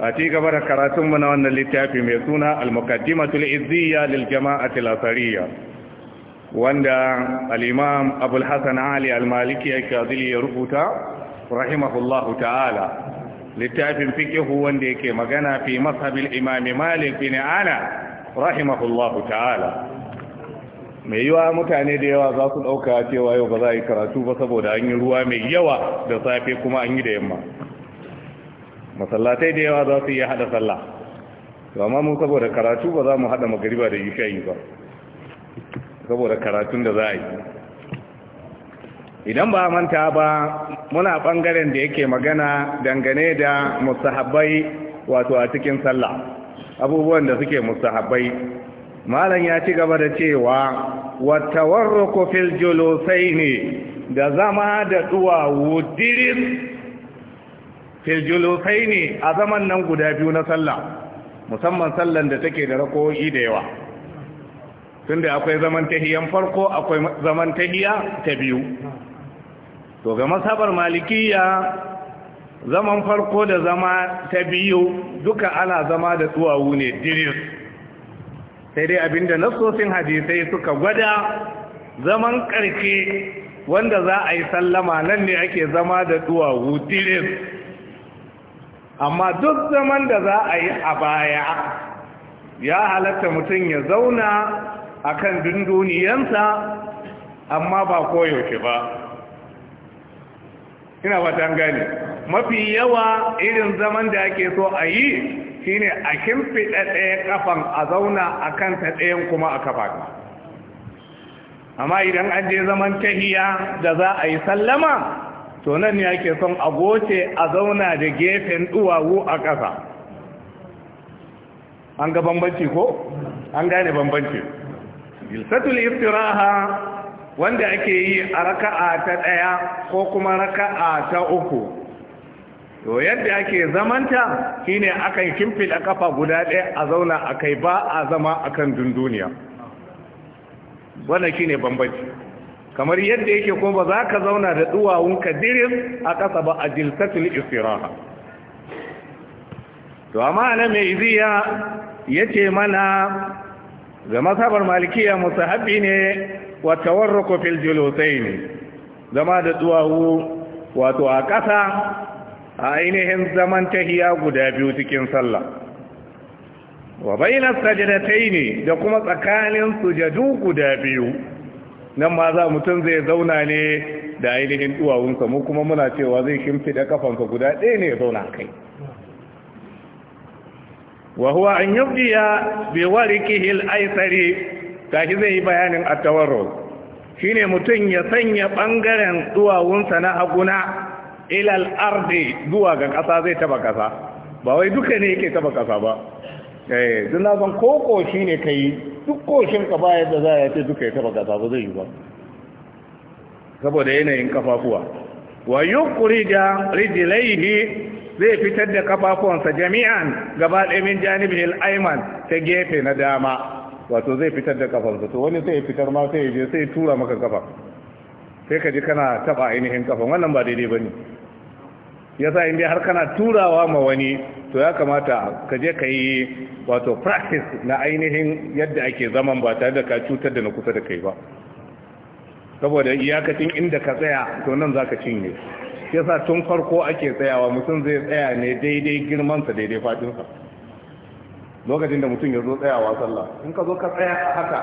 a ci gaba da karatunmu na wannan littafi mai suna al-muqaddimatul izziya lil jama'atil asariya wanda al-imam abul hasan ali al-maliki al-kazili ya rubuta rahimahullahu ta'ala littafin fiqhu wanda yake magana fi mazhabil imam malik bin ana rahimahullahu ta'ala mai yiwa mutane da yawa za su dauka cewa yau ba za a yi karatu ba saboda an yi ruwa mai yawa da safe kuma an yi da yamma masallatai da yawa za su iya hada sallah to amma mu saboda karatu ba za mu hada magariba da isha'i ba saboda karatun da za a yi idan ba manta ba muna bangaren da yake magana dangane da musahabbai wato a cikin sallah abubuwan da suke musahabbai malam ya ci gaba da cewa watawarruku fil ne da zama da duwawu fil julusaini a zaman nan guda biyu na sallah musamman sallan da take da rako'i da yawa tunda akwai zaman tahiyan farko akwai zaman tahiya ta biyu to ga masabar malikiyya zaman farko da zama ta biyu duka ana zama da duwawu ne diris sai dai abinda nasosin hadisai suka gwada zaman ƙarfe wanda za a yi sallama nan ne ake zama da duwawu diris amma duk zaman da za a yi a baya ya halatta mutum ya zauna a kan dunduniyansa amma ba koyaushe ba ina fatan gani. mafi yawa irin zaman da ake so a yi shi ne a kimfiɗa ɗaya kafan a zauna a kanta ɗayan kuma a kafa amma idan an je zaman tahiya da za a yi sallama to nan ne ake son a goce a zauna da gefen duwawu a ƙasa an ga bambanci ko an gane bambanci jilsatul iftiraha wanda ake yi a raka'a ta ɗaya ko kuma raka'a ta uku to yadda ake zamanta shine akan kimfila kafa guda ɗaya a zauna akai ba a zama akan dunduniya wannan shine bambanci kamar yadda yake ko ba za ka zauna da duwawun kadirin a ƙasa ba a jilsatul istiraha to amma na mai iziya ya ce mana ga masabar malikiya haɓi ne wata warrako fil ne zama da duwawu wato a ƙasa a ainihin zaman tahiya guda biyu cikin sallah wa bayyana sajadatai ne da kuma tsakanin sujadu guda biyu nan ma za mutum zai zauna ne da ainihin duwawunsa mu kuma muna cewa zai shimfida kafanka guda ɗaya ne ya zauna kai wa huwa an yabdiya bi hil aisari ta shi zai yi bayanin tawarro shi ne mutum ya sanya ɓangaren duwawunsa na haguna ilal zuwa ga ƙasa zai taba ƙasa ba wai duka ne yake taba ƙasa ba eh dun na koko shine kai duk koshin ka ba yadda za a ce duka ya taba gasa ba zai yi ba saboda yanayin kafafuwa wa da rijilaihi zai fitar da kafafuwansa jami'an gaba ɗaya min janibin al'aiman ta gefe na dama wato zai fitar da kafansa to wani sai fitar ma sai je sai tura maka kafa sai ka ji kana taba ainihin kafa wannan ba daidai ba ne yasa inda har kana turawa ma wani to ya kamata ka je ka yi wato practice na ainihin yadda ake zaman ba tare da ka cutar da na kusa da kai ba saboda iyakacin inda ka tsaya to nan za ka cinye sa tun farko ake tsayawa mutum zai tsaya ne daidai girmansa daidai fadinsa lokacin da mutum ya zo tsayawa sallah in ka zo ka tsaya haka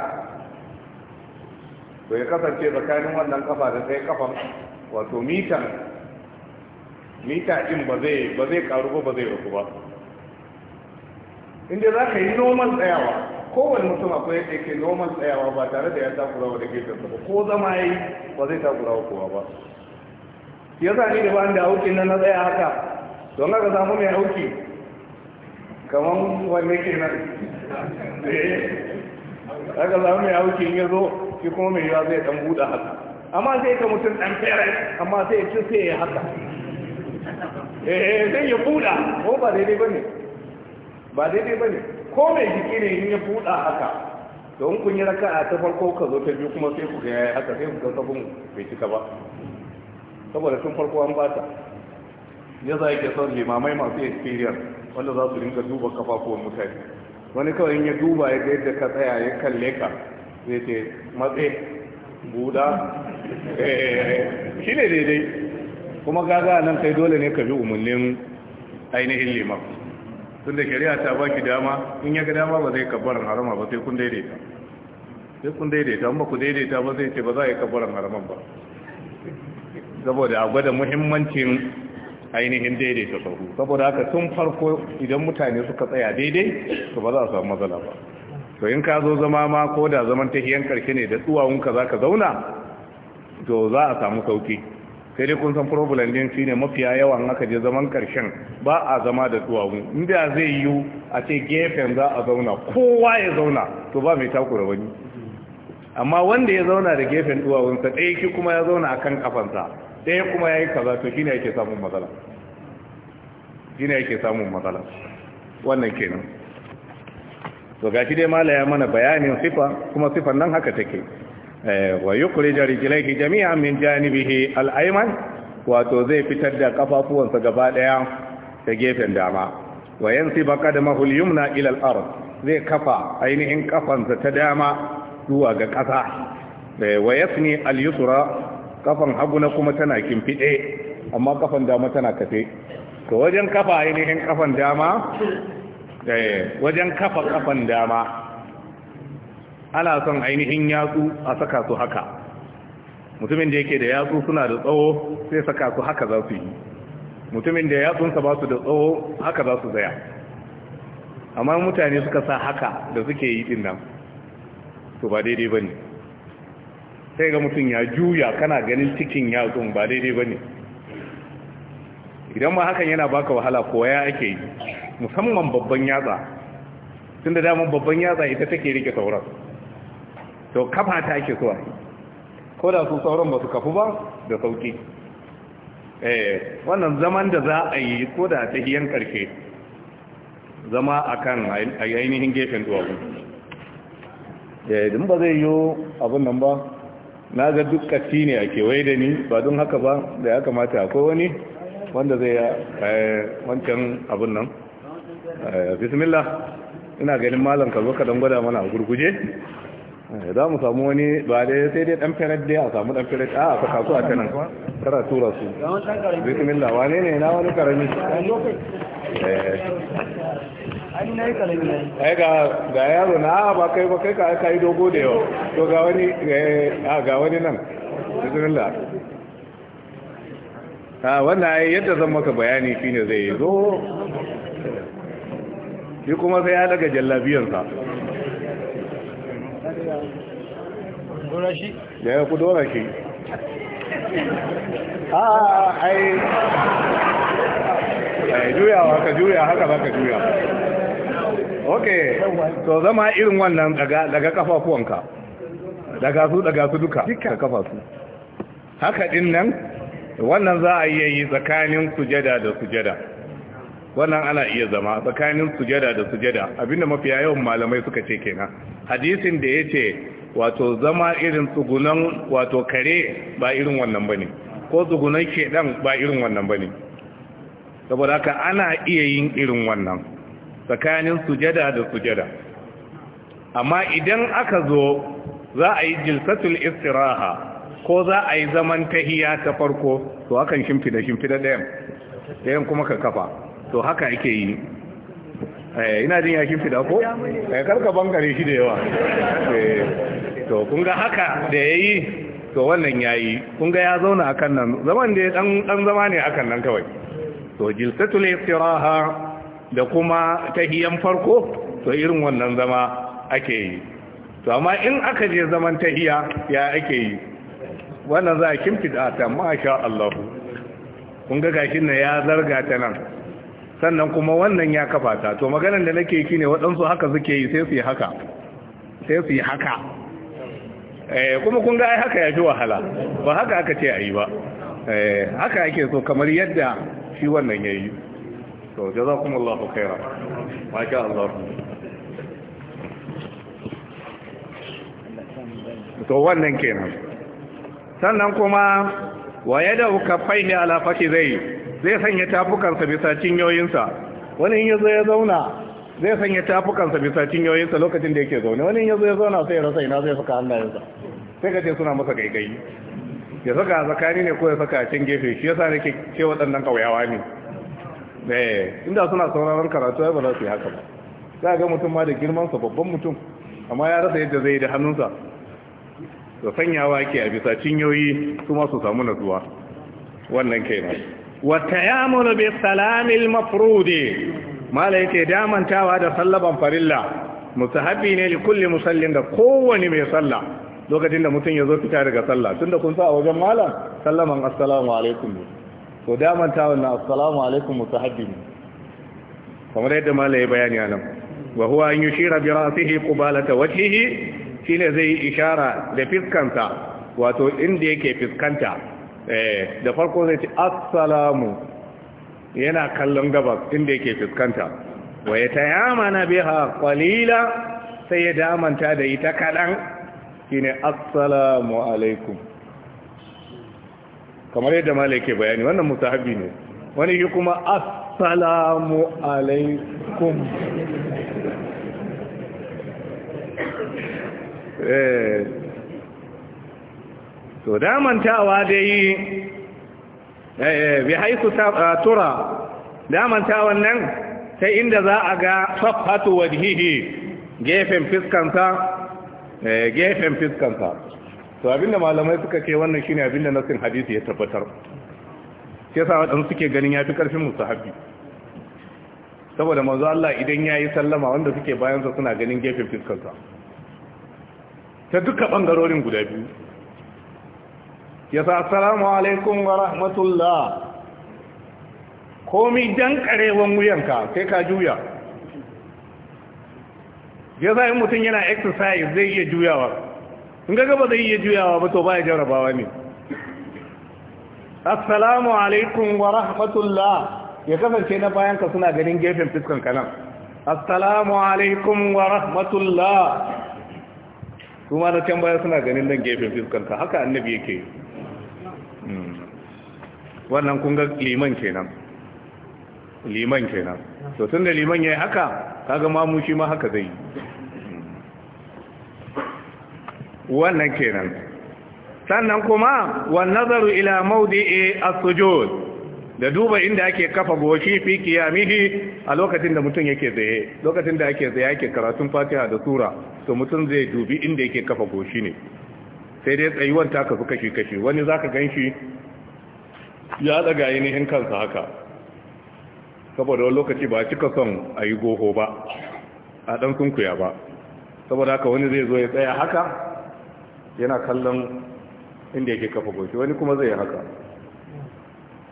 to ya kasance tsakanin wannan kafa da sai kafan wato mitan mita ɗin ba zai ba zai karu ba ba zai rabu ba inda za ka yi noman tsayawa kowane mutum akwai yadda yake noman tsayawa ba tare da ya takura wa da gefensa ba ko zama ya yi ba zai takura wa kowa ba ya sa ni da ba da auki na na tsaya haka don haka samu mai auki kamar wanne ke nan eh, haka samu mai auki ya zo shi kuma mai yawa zai dan buɗe haka amma sai ka mutum dan fere amma sai ya ci sai ya haka eh sai eh, ya buɗa ko ba daidai ba ne? ba daidai ba ne? ko mai jiki ne in ya buɗa haka don kun yi raka'a ta farko ka zo ta biyu kuma sai ku ga haka sai ku ga sabon bai cika ba saboda tun farko an bata ya za ke son limamai masu experience wanda za su dinga duba kafafuwan mutane wani kawai in ya duba ya yadda ka tsaya ya kalle ka zai ce matse buda eh, eh, shi ne daidai kuma gaga nan kai dole ne ka bi umarnin ainihin liman tun da shari'a ta baki dama in ya ga dama ba zai kabbaran harama ba sai kun daidaita sai kun daidaita amma ku daidaita ba zai ce ba za a yi kabbaran haraman ba saboda a gwada muhimmancin ainihin daidaita sahu saboda haka tun farko idan mutane suka tsaya daidai to ba za a samu matsala ba to in ka zo zama ma ko da zaman tahiyan karshe ne da tsuwawunka za ka zauna to za a samu sauki sai dai kun san problem din shine mafiya yawan aka je zaman karshen ba a zama da duwawu inda zai yiwu a ce gefen za a zauna kowa ya zauna to ba mai takura wani amma wanda ya zauna da gefen duwawunsa ɗaya shi kuma ya zauna akan kafansa ɗaya kuma ya yi kaza to shine yake samun matsala shine yake samun matsala wannan kenan to gashi dai mala ya mana bayanin sifa kuma sifan nan haka take Eh, wa yukhrija rijlaihi jami'an min janibihi al-ayman wato zai fitar da kafafuwansa gaba daya ta gefen dama wa baka da al-yumna ila al-ard zai kafa ainihin kafansa ta dama zuwa ga kasa eh, wa yasni al-yusra kafan haguna kuma tana kimfide amma kafan dama tana kafe to wajen kafa ainihin kafan dama eh, wajen kafa kafan dama ana son ainihin yatsu a saka su haka mutumin da yake da yatsu suna da tsawo sai saka su haka za su yi mutumin da yatsunsa ba su da tsawo haka za su zaya amma mutane suka sa haka da suke yi din nan to ba daidai ba ne sai ga mutum ya juya kana ganin cikin yatsun ba daidai ba ne idan ma hakan yana baka wahala ya ake yi musamman babban yatsa tun da damar babban yatsa ita take rike sauransu to kafa ta ke zuwa, ko da su sauran ba su kafu ba da sauki eh wannan zaman da za a yi ko da ta hiyan karshe zama a kan ainihin gefen duwawu eh din ba zai yi abin nan ba na ga duk katti ne a kewaye da ni ba don haka ba da ya kamata akwai wani wanda zai eh, wancan abin nan eh, bismillah ina ganin malam kazo ka gwada mana a gurguje Eh, za mu samu wani ba da sai dai dan fere dai a samu dan fere a a kasu a kanan karatu tura su bismillah wane ne na wani karami eh. ai ga ga yaro na ba kai ba kai ka kai dogo da yau to ga wani eh, ga wani nan bismillah a wannan ai yadda zan maka bayani shine zai zo shi kuma sai ya daga jallabiyansa dora shi da ya ku dora shi a ah, ai ai juyawa ka juya haka ba ka juya ok to zama irin wannan daga kafafuwanka daga su daga su duka ka kafa su haka ɗin nan wannan za a iya yi tsakanin sujada da sujada wannan ana iya zama tsakanin sujada da sujada abinda mafiya yawan malamai suka ce kenan hadisin da ya ce wato zama irin tsugunan wato kare ba irin wannan ba ne, ko tsugunan shedan ba irin wannan ba ne. saboda haka ana iya yin irin wannan tsakanin sujada da sujada amma idan aka zo za a yi jilsatul istiraha ko za a yi zaman tahiya ta farko to hakan shimfida shimfida ɗayan ɗayan kuma ka kafa to haka ake yi Eh, ina jin yakin fida ko eh, karka bangare shi da yawa eh, to kun ga haka da ya yi to wannan ya yi kun ga ya zauna a kan nan zaman da ya dan zama ne a kan nan kawai to jilsatul istiraha da kuma tahiyan farko to irin wannan zama ake yi to amma in aka je zaman tahiya ya ake yi wannan za a da ta masha Allah kun ga gashin nan ya zarga ta nan sannan kuma wannan ya kafa ta to maganar da nake yi ne waɗansu haka suke yi sai su yi haka sai su yi haka eh kuma kun ga ai haka ya fi wahala ba haka aka ce a yi ba eh haka yake so kamar yadda shi wannan ya yi to jazakumullahu khairan masha Allah to wannan kenan sannan kuma wa yadau ala fakizai zai sanya tafukansa bisa cinyoyinsa wani in yazo ya zauna zai sanya tafukansa bisa cinyoyinsa lokacin da yake zaune wani in yazo ya zauna sai ya rasa ina zai saka hannayensa sai ka ce suna masa gaigayi ya saka a tsakani ne ko ya saka a can gefe shi yasa nake ce waɗannan ƙauyawa ne eh inda suna sauraron karatu ai ba za su yi haka ba za ga mutum ma da girman sa babban mutum amma ya rasa yadda zai yi da hannunsa da sanyawa ke a bisa cinyoyi kuma su samu natsuwa wannan kenan والتعامل بالسلام المفروض ما ليك دائما تاوى هذا صلى بن الله متحبين لكل مسلم ده قوة نمي صلى لو قد إنه متن يزور في تارك صلى سند كنت أو جمالا سلم السلام عليكم ودائما تاوى أن السلام عليكم متحبين فما ليك ما ليه بيان يعلم وهو أن يشير برأسه قبالة وجهه في نزي إشارة لفذكنتا وتو إنديك فذكنتا eh da farko zai ce assalamu yana kallon gabas inda yake fuskanta wa ya na biha qalila sai ya damanta da ita kadan shine assalamu alaikum kamar yadda malai ke bayani wannan musahabi ne wani shi kuma assalamu alaikum eh to damantawa dai eh, eh, bi haisu tura mantawa nan sai inda za a ga safhatu wajhihi gefen fiskanta eh, gefen fiskanta to abinda malamai suka ce wannan shine abinda nasin hadisi ya tabbatar sai sa wadan suke ganin yafi karfin musahabi saboda manzo Allah idan yayi sallama wanda suke bayan sa suna ganin gefen fiskanta ta duka bangarorin guda biyu yasa assalamu alaikum wa rahmatullah komi jan karewan wuyanka sai ka juya yasa in mutum yana exercise zai iya juyawa in ga gaba zai iya juyawa ba to ba ya jarabawa ne assalamu alaikum wa rahmatullah ya kasance na bayanka suna ganin gefen fiskan kanan assalamu alaikum wa rahmatullah kuma na can baya suna ganin nan gefen fiskanka haka annabi yake yi wannan kun ga liman kenan liman kenan to da liman yayi haka kaga mamu shi ma haka zai wannan kenan sannan kuma wan nazaru ila mawdi'i as-sujud da duba inda ake kafa goshi fi kiyamihi a lokacin da mutum yake tsaye lokacin da ake tsaye ake karatun Fatiha da sura to mutum zai dubi inda yake kafa goshi ne sai dai tsayuwar ta kafi kashi-kashi wani za ka gan shi ya daga ainihin kansa haka saboda wani lokaci ba cika son a yi goho ba a ɗan sunkuya ba saboda haka wani zai zo ya tsaya haka yana kallon inda yake kafa goshi wani kuma zai haka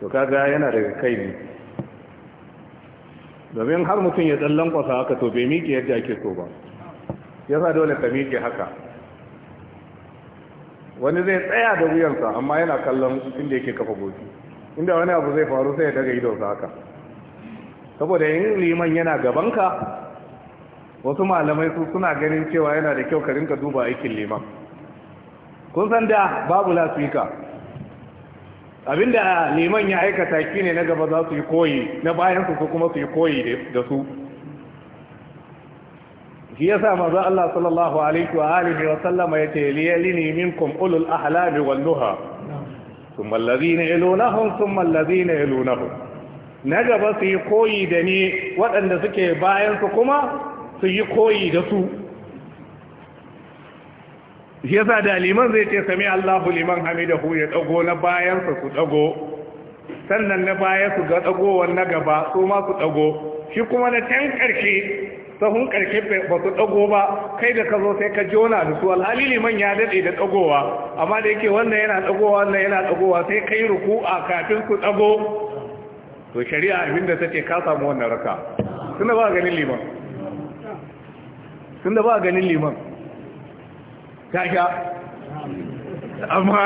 to kaga yana daga kai ne domin har mutum ya ɗan kwasa haka to bai miƙe yadda ake so ba ya sa dole ka miƙe haka wani zai tsaya da wuyansa amma yana kallon inda yake kafa goshi inda wani abu zai faru sai ya daga ido haka saboda yin liman yana gabanka wasu malamai su suna ganin cewa yana da kyau ka duba aikin liman kun san da babu lasfika abinda liman ya aikata ki ne na gaba za su yi koyi na bayan su kuma su yi koyi da su shi yasa maza Allah sallallahu alaihi wa alihi wa sallama yace liyalini minkum ulul ahlami wal nuha ثم الذين يلونهم ثم الذين يلونهم نجب في قوي دني وأن سكي باين سكما في قوي دسو yasa da liman zai ce sami Allahu liman hamidahu ya dago na su sannan na baya su ga dagowar na gaba su ma su ɗago shi kuma na can ƙarshe. sahun karshe ba su dago ba kai da ka zo sai ka jona da su alhali liman ya dade da dagowa amma da yake wannan yana dagowa wannan yana dagowa sai kai a kafin ku dago to shari'a abin ta take ka samu wannan raka da ba ganin liman tunda ba ganin liman ta sha amma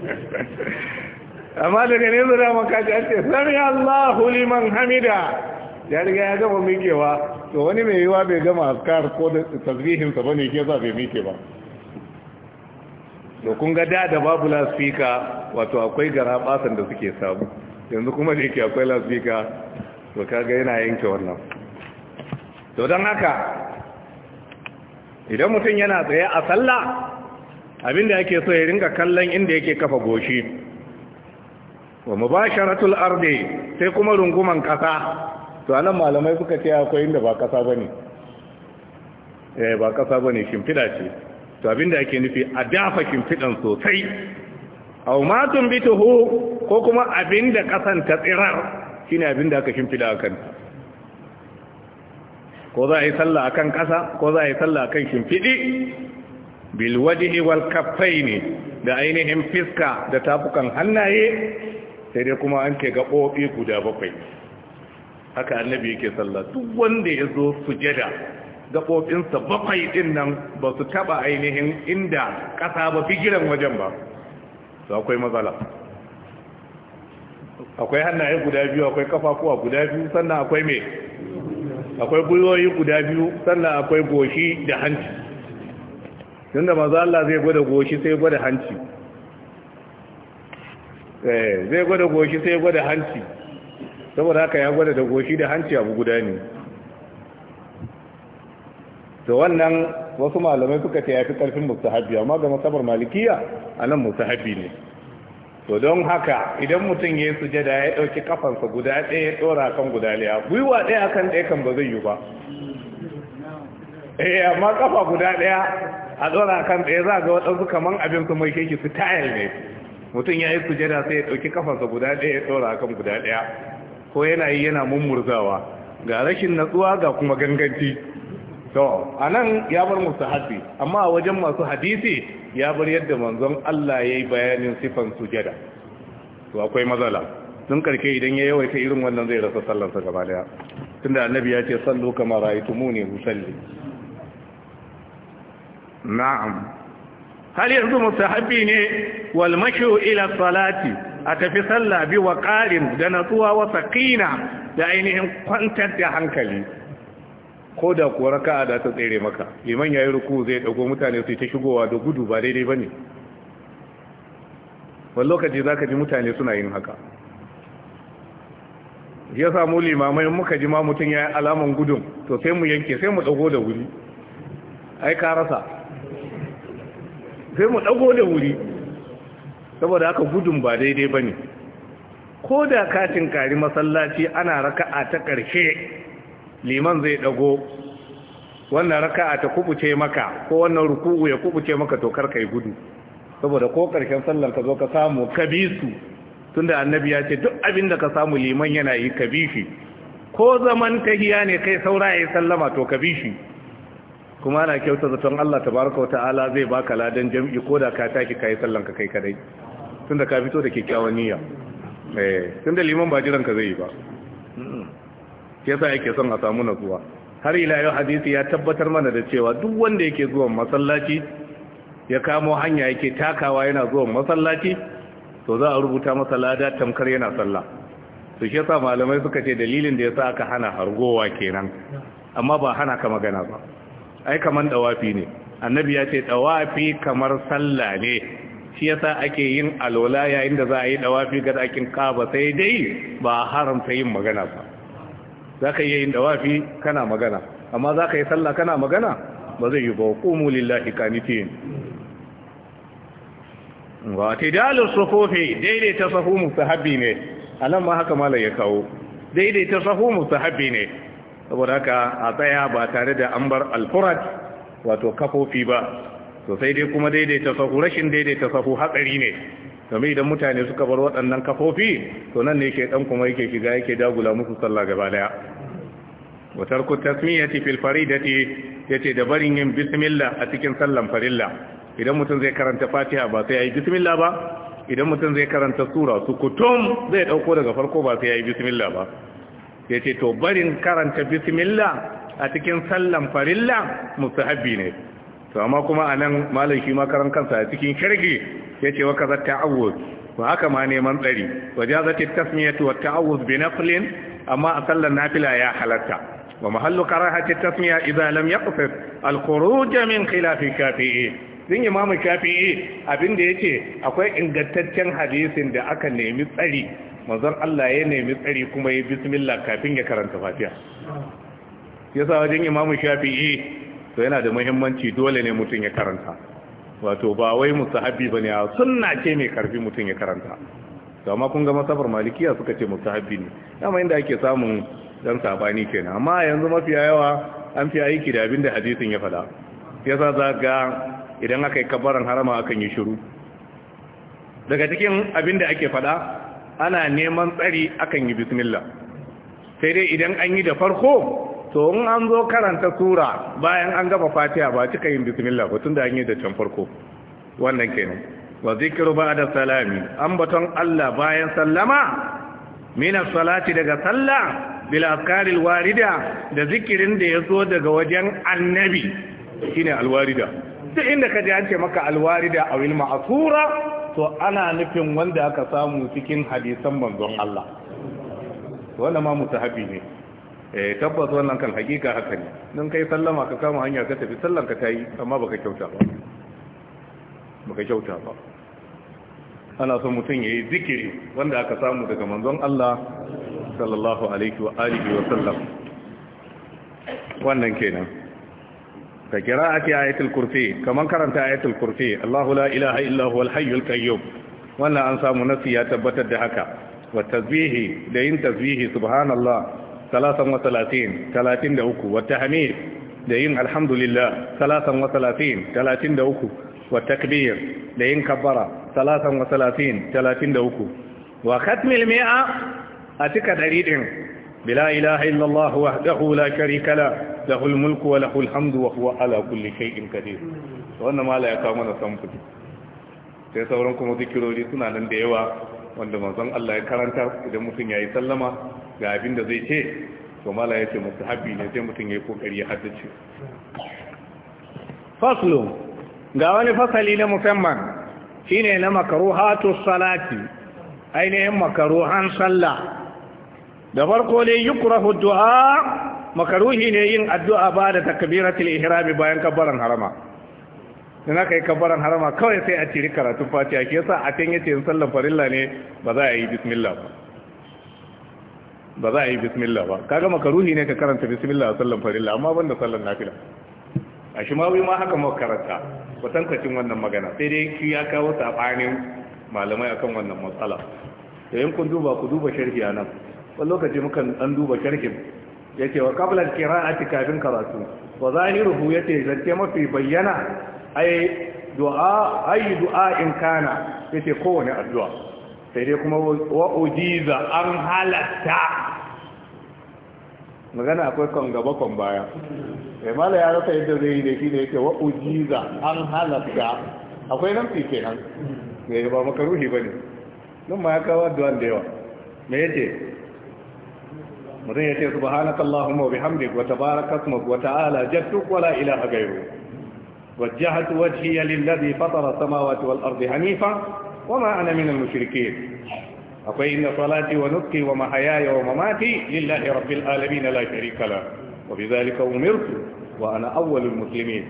amma daga ne zura maka ce sami Allahu liman hamida ya riga ya gama mikewa to wani mai yiwa bai gama askar ko da tasbihinsa ba ne ke za bai mike ba to kun ga da da babu lasfika wato akwai gara basan da suke samu yanzu kuma da yake akwai lasfika to kaga yana yanke wannan to don haka idan mutum yana tsaye a sallah abinda yake so ya ringa kallon inda yake kafa goshi wa mubasharatul ardi sai kuma runguman kasa to anan malamai suka ce akwai inda ba kasa bane eh ba kasa bane shimfida ce to abinda ake nufi a dafa shimfidan sosai aw ma tumbituhu ko kuma abinda kasan ta tsirar shine abinda aka shimfida akan ko za a yi sallah akan kasa ko za a yi sallah akan shimfidi bil wajhi wal kaffaini da ainihin fiska da tafukan hannaye sai dai kuma an ke gaɓoɓi guda bakwai haka annabi yake sallah duk wanda ya zo sujada gaɓoɓinsa bakwai ɗin nan ba su taɓa ainihin inda ƙasa ba fikiran wajen ba su akwai matsala akwai hannaye guda biyu akwai kafafuwa guda biyu sannan akwai mai akwai guyoyi guda biyu sannan akwai goshi da hanci tunda da Allah zai gwada goshi sai gwada hanci eh, zai gwada goshi sai gwada hanci saboda haka ya gwada da goshi da hanci abu guda ne to wannan wasu malamai suka ce ya fi ƙarfin mustahabi amma ga masabar malikiya a nan mustahabi ne to don haka idan mutum ya yi sujada ya ɗauki kafansa guda ɗaya ya ɗora kan guda ɗaya gwiwa ɗaya kan ɗaya kan ba zai yi ba eh amma kafa guda ɗaya a ɗora kan ɗaya za ga waɗansu kamar abin su mai keke su tayar ne mutum ya yi sujada sai ya ɗauki kafansa guda ɗaya ya ɗora kan guda ɗaya ko yana yi yana mummurzawa ga rashin natsuwa ga kuma ganganci to a nan ya bar musu hadisi amma a wajen masu hadisi ya bar yadda manzon Allah ya yi bayanin sifan sujada to akwai matsala sun karke idan ya yawaita irin wannan zai rasa sallarsa gaba daya tunda annabi ya ce sallu kama ra'aytumuni usalli na'am hal yanzu mustahabi ne wal mashu ila salati a tafi sallah bi wa ƙarin da natsuwa wa saƙina da ainihin kwantar da hankali ko da kuwa raka'a da ta tsere maka liman yayi ruku zai dago mutane su ta shigowa da gudu ba daidai bane wani lokaci zaka ji mutane suna yin haka ya samu limamai muka ji ma mutum ya yi alaman gudun to sai mu yanke sai mu dago da wuri ai ka rasa sai mu dago da wuri saboda haka gudun ba daidai ba ne ko da katin kari masallaci ana raka'a ta ƙarshe liman zai ɗago wannan raka'a ta kubuce maka ko wannan ruku'u ya kubuce maka to kar yi gudu saboda ko ƙarshen sallar ka zo ka samu kabisu tunda annabi ya ce duk abin da ka samu liman yana yi kabishi ko zaman tahiya ne kai saura ya sallama to kabishi kuma ana kyauta zaton Allah tabaraka Ta'ala zai baka ladan jam'i ko da ka tashi kai sallan ka kai kadai da ka fito da kyakkyawan niyya eh da liman ba jiran ka zai yi ba sa yake son a samu nasuwa har ila yau hadisi ya tabbatar mana da cewa duk wanda yake zuwa masallaci ya kamo hanya yake takawa yana zuwa masallaci to za a rubuta masa lada tamkar yana sallah to shi yasa malamai suka ce dalilin da yasa aka hana hargowa kenan amma ba hana ka magana ba ai kaman dawafi ne annabi ya ce dawafi kamar sallah ne shi yasa ake yin alola yayin da za a yi dawafi ga dakin kaba sai dai ba haramta yin magana ba za ka yi yin dawafi kana magana amma za ka yi sallah kana magana ba zai yi ba ƙumu lillahi kanitin ba tidalin sufofi daidaita sahu musahabi ne a nan ma haka malar ya kawo daidaita sahu musahabi ne saboda haka a tsaya ba tare da an bar alfurat wato kafofi ba to sai dai kuma daidaita sahu rashin daidaita sahu hatsari ne domin idan mutane suka bar waɗannan kafofi to nan ne shaidan kuma yake shiga yake dagula musu sallah gaba daya wa tarku tasmiyati fil faridati yace da barin yin bismillah a cikin sallan farilla idan mutum zai karanta fatiha ba sai yayi bismillah ba idan mutum zai karanta sura kutum zai dauko daga farko ba sai yayi bismillah ba yace to barin karanta bismillah a cikin sallan farilla mustahabi ne to amma kuma a nan malam shi karan kansa a cikin shirgi ya ce wa kaza ta'awuz ba haka ma neman tsari wa jazati tasmiyatu wa ta'awuz bi naflin amma a sallar nafila ya halatta wa mahallu karahati tasmiya idza lam yaqsid al khuruj min khilaf kafi'i din imamu shafi'i abinda yace akwai ingantaccen hadisin da aka nemi tsari manzon Allah ya nemi tsari kuma ya bismillah kafin ya karanta fatiha yasa wajen imamu shafi'i to yana da muhimmanci dole ne mutum ya karanta wato ba wai ba ne a suna ce mai karfi mutum ya karanta da ma kun ga masafar malikiya suka ce habi ne yamma inda ake samun dan sabani kenan amma yanzu mafiya yawa an fi aiki da abin da hadisin ya faɗa sa za ga idan aka yi kabarin harama akan yi shiru daga cikin abin da ake faɗa ana neman tsari akan yi bismillah sai dai idan an yi da farko to in an zo karanta sura bayan an gaba fatiha ba cika yin bismillah ba tun da an yi da can farko wannan kenan wa zikiru ba da salami ambaton Allah bayan sallama mina salati daga sallah bil askaril warida da zikirin da ya zo daga wajen annabi shine alwarida duk inda ka ji an ce maka alwarida a wilma asura to ana nufin wanda aka samu cikin hadisan manzon Allah wannan ma musahabi ne eh tabbas wannan kan hakika haka ne don kai sallama ka kama hanya ka tafi sallan ka tayi amma baka kyauta ba baka kyauta ba ana son mutum ya yi zikiri wanda aka samu daga manzon Allah sallallahu alaihi wa alihi wa sallam wannan kenan ka kira a ce ayatul kursi kaman karanta ayatul kursi Allahu la ilaha illa huwal hayyul qayyum wannan an samu nasi ya tabbatar da haka wa tasbihi da yin tasbihi subhanallah salasan wa talatin talatin da uku wata hamid da yin alhamdulillah salasan wa talatin talatin da uku wata kabir da yin kabbara salasan talatin da uku wa katmil mi'a a cika ɗari ɗin bila ilaha illallah wahdahu la sharika la lahul mulku wa lahul wa huwa ala wannan ya kawo mana samfuri sai sauran kuma zikirori suna nan da yawa wanda manzon Allah ya karantar idan mutum yayi sallama ga abin da zai ce to mala masu mustahabi ne sai mutum yayi kokari ya haddace faslu ga wani fasali na musamman shine na makruhatu salati ainihin makruhan sallah da farko ne yukrahu du'a makaruhi ne yin addu'a ba da takabiratul ihram bayan kabbaran harama in aka yi kabaran harama kawai sai a ciri karatun fatiha ke yasa a can yace in sallan farilla ne ba za a yi bismillah ba ba za a yi bismillah ba kaga makaruhi ne ka karanta bismillah a sallan farilla amma banda sallan nafila a shi mawi ma haka makaranta karanta kwatankwacin wannan magana sai dai shi ya kawo sabanin malamai akan wannan matsala da yin kun duba ku duba sharhi anan wani lokaci mukan dan duba sharhin yace wa qabla qira'ati kafin karatu wa zahiruhu yace zance mafi bayyana ai du'a ai du'a in kana yace kowane addu'a sai dai kuma wa ujiza an halatta magana akwai kan gaba kan baya sai eh, mala ya rasa yadda zai yi da shi ne yake wa ujiza an halatta akwai nan fi kenan ne ba makaruhi bane nan ma ya kawo addu'a da yawa me yace mutum ya ce subhanakallahumma wa bihamdik wa tabarakasmuk wa ta'ala jattuk wala ilaha ghayruk وجهت وجهي للذي فطر السماوات والأرض حنيفا وما أنا من المشركين فإن صلاتي ونسكي ومحياي ومماتي لله رب العالمين لا شريك له وبذلك أمرت وأنا أول المسلمين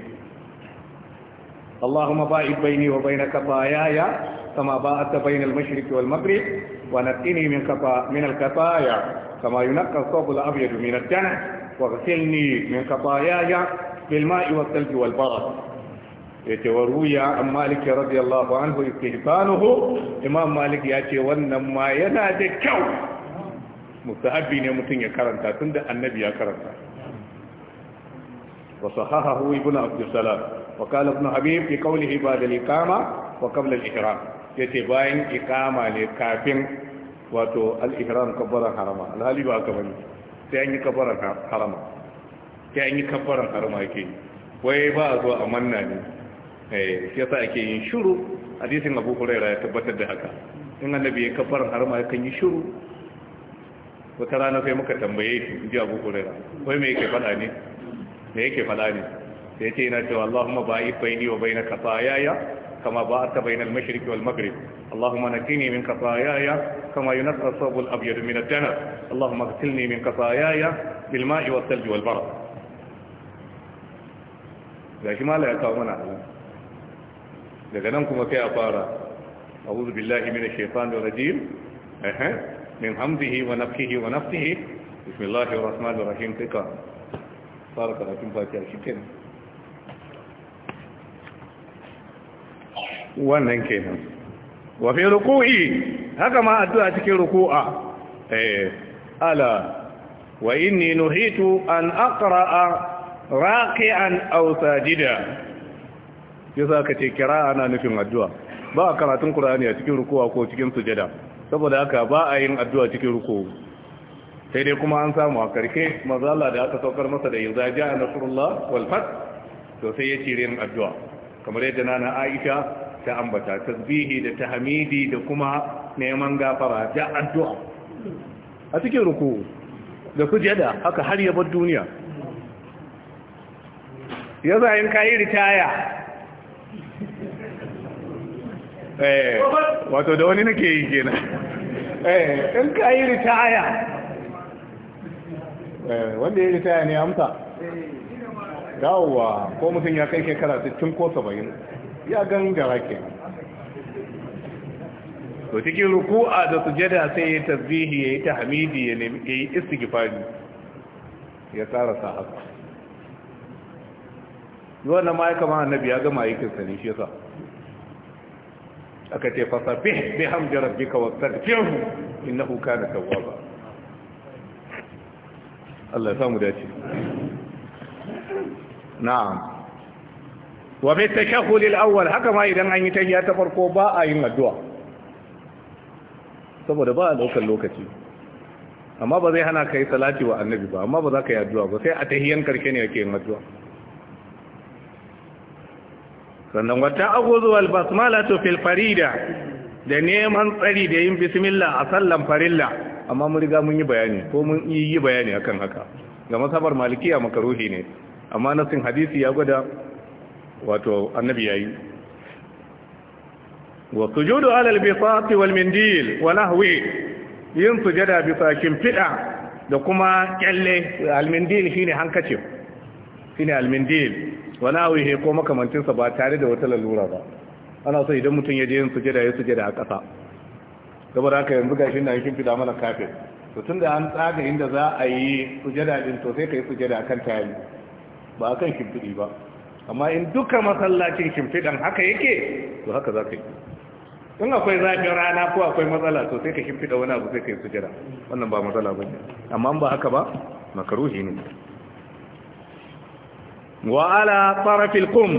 اللهم باعد بيني وبين خطاياي كما باعدت بين المشرق والمغرب ونقني من خطا من الخطايا كما ينقى الثوب الابيض من الدنس واغسلني من خطاياي بالماء والثلج والبرد ya ce wa ruya an malik radiyallahu anhu istihbanuhu imam malik ya ce wannan ma yana da kyau mustahabi ne mutum ya karanta tunda annabi ya karanta wa sahahahu ibn abd salam wa qala ibn habib fi qawlihi ba'da al-iqama wa qabla al-ihram yace bayan iqama ne kafin wato al-ihram kabbaran harama alhali ba ka bane sai an yi kabbaran harama sai an yi kabbaran harama yake wai ba a zo a manna ne eh shi yasa ake yin shiru hadisin Abu Hurairah ya tabbatar da haka in annabi ya kafar har ma kan yi shiru wata rana sai muka tambaye shi inji Abu Hurairah wai me yake fada ne me yake fada ne sai ya ce ina cewa Allahumma ba'id baini wa baina qatayaya kama ba'adta baina al-mashriq wal maghrib Allahumma nakini min qatayaya kama yunqqa as-sawb al-abyad min ad-danar Allahumma ighsilni min qatayaya bil ma'i was-salji wal barad gashi mala ya kawo mana daga nan kuma sai a fara a'udhu billahi minash shaitanir rajim min hamzihi wa nafihi wa nafthihi bismillahir rahmanir rahim sai ka fara karatun fatiha shikenan wannan kenan wa fi ruku'i haka ma addu'a cikin ruku'a eh ala wa inni nuhitu an aqra'a raqi'an aw sajida yasa ka ce kira ana nufin addu'a ba a karatun Qur'ani a cikin rukuwa ko cikin sujada saboda haka ba a yin addu'a cikin rukuwa sai dai kuma an samu a karke mazala da aka saukar masa da yin zaji a nasarullah walfat to sai ya cire yin addu'a kamar yadda nana aisha ta ambata tasbihi da Hamidi da kuma neman gafara da addu'a a cikin ruku da sujada haka har yabar duniya ya zayin kayi ritaya Eh, wato da wani nake yi kenan eh in ka yi ritaya eh wanda ya yi ritaya ne amsa dawowa ko mutum ya kai shekara 60 ko 70 ya gangara kenan to cikin ruku'a da sujada sai ya tasbihi ya yi tahmidi ya yi istighfari ya tsara sahaba wannan ma ya kama annabi ya gama aikin sa ne shi yasa aka ce bi hamdi rabbika wastaghfirhu innahu kana tawwaba Allah ya samu dace na'am wa bi tashahhud al-awwal haka ma idan an yi tayya ta farko ba a yin addu'a saboda ba a daukar lokaci amma ba zai hana kai salati wa annabi ba amma ba za ka yi addu'a ba sai a tahiyyan karshe ne yake yin addu'a sannan wata aguzu albasmala to fil farida da neman tsari da yin bismillah a sallan farilla amma mun riga mun yi bayani ko mun yi bayani akan haka ga masabar malikiya makaruhi ne amma nasin hadisi ya gwada wato annabi yayi wa sujudu ala al wal mindil wa nahwi yin sujada bisa kimfida da kuma kyalle almindil shine hankacin shine almindil wani he ko makamantinsa ba tare da wata lalura ba ana so idan mutum ya je yin sujada ya sujada a ƙasa da haka yanzu gashi na yankin fida mana kafin to da an tsaga inda za a yi sujada din to sai ka yi sujada akan tayi ba a kan kimfiɗi ba amma in duka masallacin kimfiɗan haka yake to haka za ka yi in akwai zafin rana ko akwai matsala to sai ka kimfiɗa wani abu sai ka yi sujada wannan ba matsala ba ne amma ba haka ba makaruhi ne wa ala tarafil kum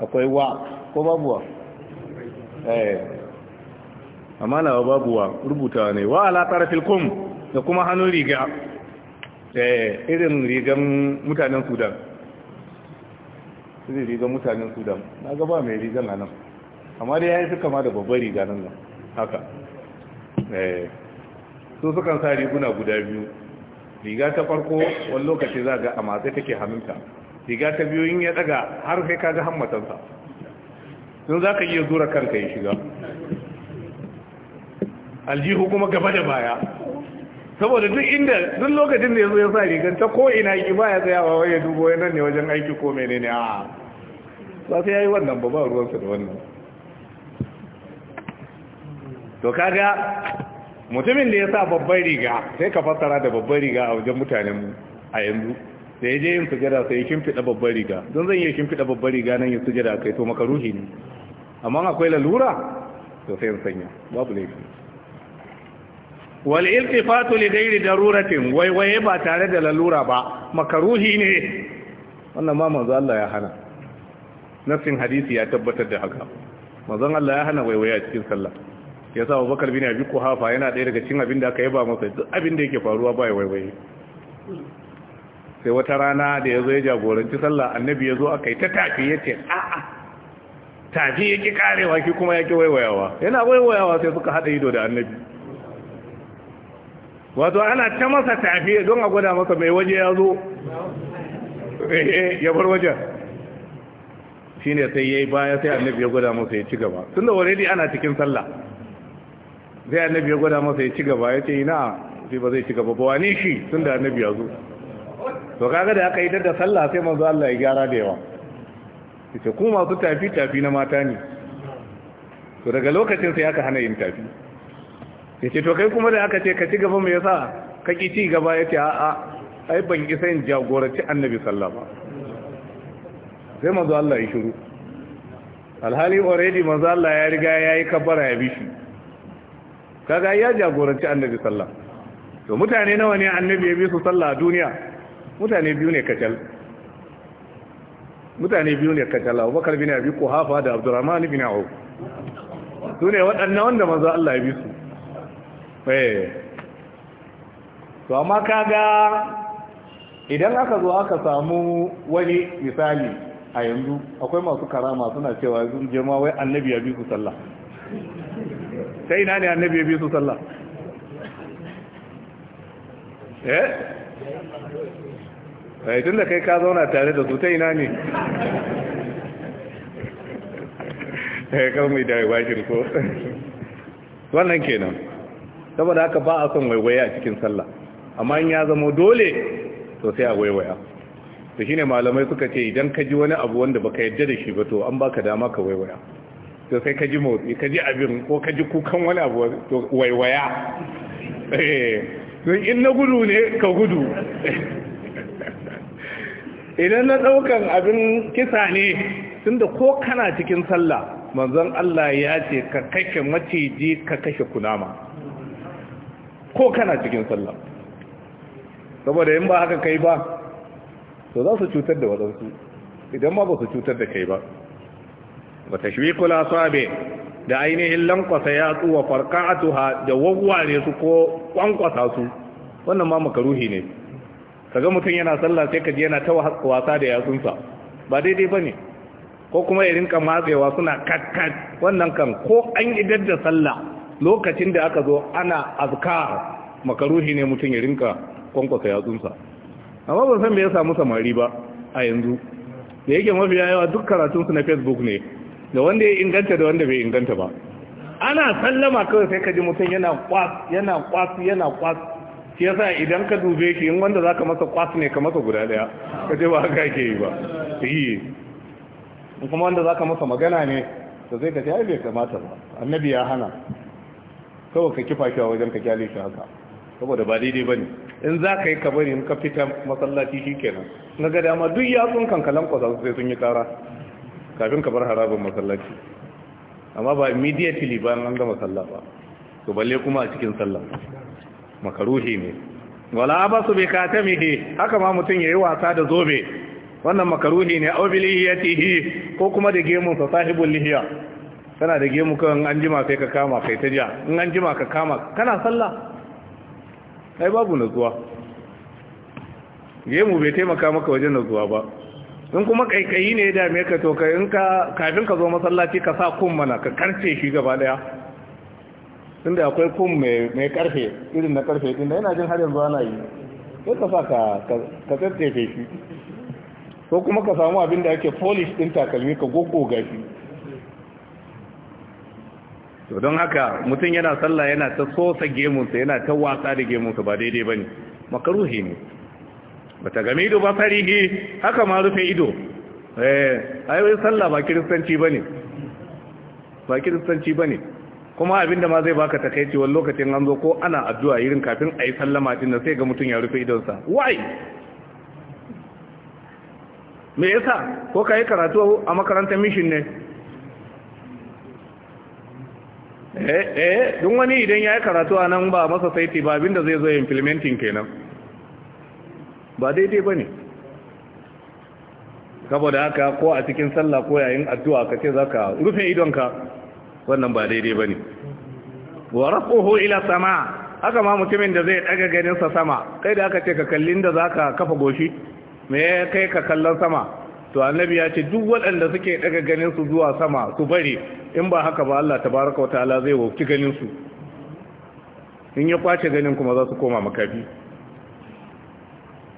akwai wa ko babu wa eh amma na babu wa rubuta ne wa ala tarafil kum da kuma hannun riga eh irin rigan mutanen Sudan irin rigan mutanen Sudan na ga ba mai rigan nan amma dai yayi su ma da babbar riga nan haka eh su suka sa riguna guda biyu riga ta farko wani lokaci za ga a matsayi take hannunta riga ta biyu in ya daga har sai kaga hammatansa don za ka iya zura kanka ya shiga aljihu kuma gaba da baya saboda duk inda duk lokacin da ya zo ya sa rigar ta ko ina ba ya tsaya wa waye dubo wani nan ne wajen aiki ko menene a ba sai yi wannan ba ba ruwansa da wannan to kaga mutumin da ya sa babbar riga sai ka fassara da babbar riga a wajen mutanen a yanzu da ya je yin sujada sai ya shimfiɗa babbar riga don zan iya shimfiɗa babbar riga nan ya sujada kai to makaruhi ne amma akwai lalura to sai sanya babu laifi wal iltifatu li ghairi daruratin wai wai ba tare da lalura ba makaruhi ne wannan ma manzo Allah ya hana nassin hadisi ya tabbatar da haka manzon Allah ya hana waiwaye a cikin sallah yasa Abubakar bin Abi Quhafa yana ɗaya daga cikin abin da aka yaba masa duk abin da yake faruwa ba waiwaye sai wata rana da ya zo ya jagoranci sallah annabi ya zo aka yi ta tafi ya ce a'a tafi ya ki karewa ki kuma ya ki waiwayawa yana waiwayawa sai suka haɗa ido da annabi wato ana ta masa tafi don a gwada masa mai waje ya zo ya bar wajen shi ne sai ya yi baya sai annabi ya gwada masa ya ci gaba tun da already ana cikin sallah sai annabi ya gwada masa ya ci gaba ya ce ina sai ba zai ci gaba ba wani shi tun da annabi ya zo to kaga da aka yi da sallah sai manzo Allah ya gyara da yawa sai ku masu tafi tafi na mata ne to daga lokacin sai aka hana yin tafi yace to kai kuma da aka ce ka ci gaba me yasa ka ki ci gaba yace a a ai ban ki sayin jagoranci annabi sallallahu alaihi sai manzo Allah ya shiru alhali already manzo Allah ya riga yayi kabbara ya bishi kaga ya jagoranci annabi sallallahu to mutane nawa ne annabi ya bi su sallah a duniya mutane biyu ne kacal mutane biyu ne kacal abubakar bin abi kuhafa da abdurrahman bin Awu su ne waɗannan wanda manzo Allah ya bi su eh. to amma kaga idan aka zo aka samu wani misali a yanzu akwai masu karama suna cewa sun je ma wai annabi ya bi su sallah sai ina ne annabi ya bi su sallah eh sai eh, tun da kai ka zauna tare da su ta ina ne ya eh, kan mai da bashin ko wannan kenan saboda haka ba a son waiwaye a cikin sallah amma in ya zama dole to sai a waiwaya to shine malamai suka ce idan ka ji wani abu wanda baka yadda da shi ba to an baka dama ka waiwaya to sai ka ji motsi ka ji abin ko ka ji kukan wani abu to waiwaya eh in na gudu ne ka gudu idan na ɗaukan abin kisa ne tunda ko kana cikin sallah manzon Allah ya ce ka kashe maciji ka kashe kunama ko kana cikin sallah saboda in ba haka kai ba to za su cutar da wadansu idan ma ba su cutar da kai ba ba ta shi da ainihin lankwasa ya tsuwa farka'atuha da wawware su ko kwankwasa su wannan ma makaruhi ne saga mutum yana sallah sai kaji yana ta wasa da yatsunsa ba daidai ba ne ko kuma ya rinka matsewa suna kakkat wannan kan ko an idar da sallah lokacin da aka zo ana azkar makaruhi ne mutum ya rinka kwankwasa yatsunsa amma ban san me ya samu samari ba a yanzu da yake mafi yawa duk karatunsu na facebook ne da wanda ya inganta da wanda bai inganta ba ana sallama kawai sai ka ji mutum yana kwas yana kwas yana kwas shi yasa idan ka dube shi in wanda zaka masa kwas ne ka masa guda daya ka ce ba haka ke yi ba yi in kuma wanda zaka masa magana ne to zai ka ce ai bai kamata ba annabi ya hana kawai ka kifa shi wajen ka kyale shi haka saboda ba daidai ba ne. in za ka yi ka bari in ka fita masallaci kenan. na ga dama duk yatsun kankalan kwasa sai sun yi kara kafin ka bar harabin masallaci amma ba immediately ba nan ga masalla ba to balle kuma a cikin sallah makaruhi ne wala basu bi katamihi haka ma mutum yayi wasa da zobe wannan makaruhi ne aw bilihiyatihi ko kuma da gemun sa sahibul lihiya kana da gemu kan an jima sai ka kama kai ta ja in an jima ka kama kana sallah kai babu nazuwa gemu bai taimaka maka wajen nazuwa ba in kuma kaikayi ne ya dame ka to kai in ka kafin ka zo masallaci ka sa kun mana ka karce shi gaba daya tunda akwai kun mai karfe irin na karfe din da yana jin har yanzu ana yi sai ka sa ka ka tsatsefe shi ko kuma ka samu abin da ake polish din takalmi ka goggoga shi to don haka mutum yana sallah yana ta sosa gemunsa yana ta wasa da gemunsa ba daidai bane makaruhi ne ta game ido ba farihi haka ma rufe ido eh ayoyin sallah ba kiristanci bane ba kiristanci bane kuma abinda ma zai baka takaici wani lokacin an zo ko ana addu'a irin kafin a yi sallama din da sai ga mutum ya rufe idonsa why me yasa ko ka yi karatu a makarantar mishin ne eh eh don wani idan ya yi karatu a nan ba masa saiti ba abinda zai zo implementing kenan ba daidai ba ne saboda haka ko a cikin sallah ko yayin addu'a ka ce za ka rufe idonka wannan ba daidai ba ne wa rafuhu ila sama haka ma mutumin da zai daga ganinsa sama kai da aka ce ka kallin da za ka kafa goshi me kai ka kallon sama to annabi ya ce duk waɗanda suke daga ganinsu zuwa sama su bari in ba haka ba Allah tabaraka wa ta'ala zai wauki ganinsu in ya kwace ganin kuma za su koma makafi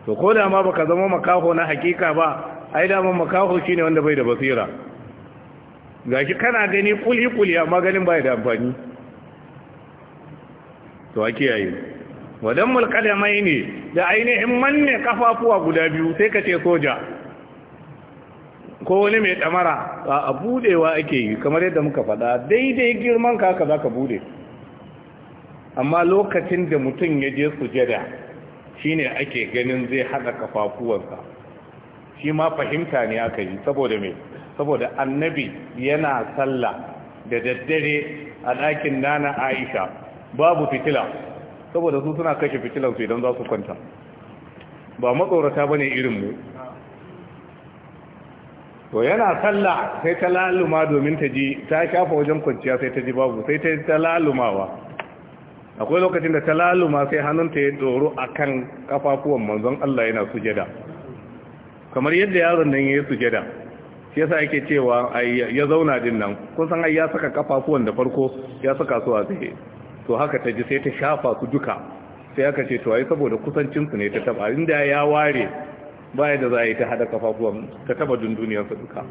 to ko da ma baka zama makaho na hakika ba ai da makaho shine wanda bai da basira Ga shi kana gani kuli kuli amma ganin baya da amfani to a kiyaye wadan mulkadamai ne da ainihin manne kafafuwa guda biyu sai ka ce soja ko wani mai damara a budewa ake yi kamar yadda muka faɗa daidai girman ka haka za ka bude amma lokacin da mutum ya je sujada shine ake ganin zai haɗa kafafuwansa shi ma fahimta ne aka yi saboda mai saboda annabi yana sallah da daddare a ɗakin nana aisha babu fitila saboda su suna kashe fitilansu idan za su kwanta ba matsorata ba ne irinmu to yana sallah sai ta laluma domin ta ji ta shafa wajen kwanciya sai ta ji babu sai ta lalumawa akwai lokacin da ta laluma sai hannunta ya doro a kan kafafuwan manzon Allah yana sujada kamar yadda yaron nan ya yi sujada shi yasa yake cewa ya zauna din nan kusan ai ya saka kafafuwan da farko ya saka su a tsaye to haka ta ji sai ta shafa su duka sai aka ce to ai saboda kusancin su ne ta taba inda ya ware baya da za a ta hada kafafuwan ta taba dunduniyar su duka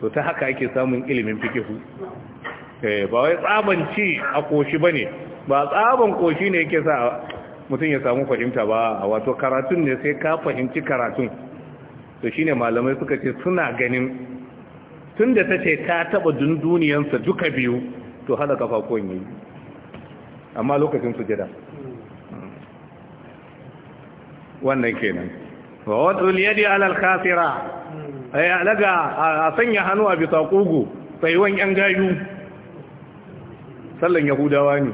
to ta haka yake samun ilimin fikihu eh ba wai tsaban ci a koshi bane ba tsaban koshi ne yake sa mutum ya samu fahimta ba wato karatun ne sai ka fahimci karatun to shine malamai suka ce suna ganin tunda tace ta taba duniyarsa duka biyu to hada kafafun yi amma lokacin sujada wannan kenan wa wadul yadi ala al-khasira ay alaga a sanya hannu a bisa kugu tsayuwan yan gayu sallan yahudawa ne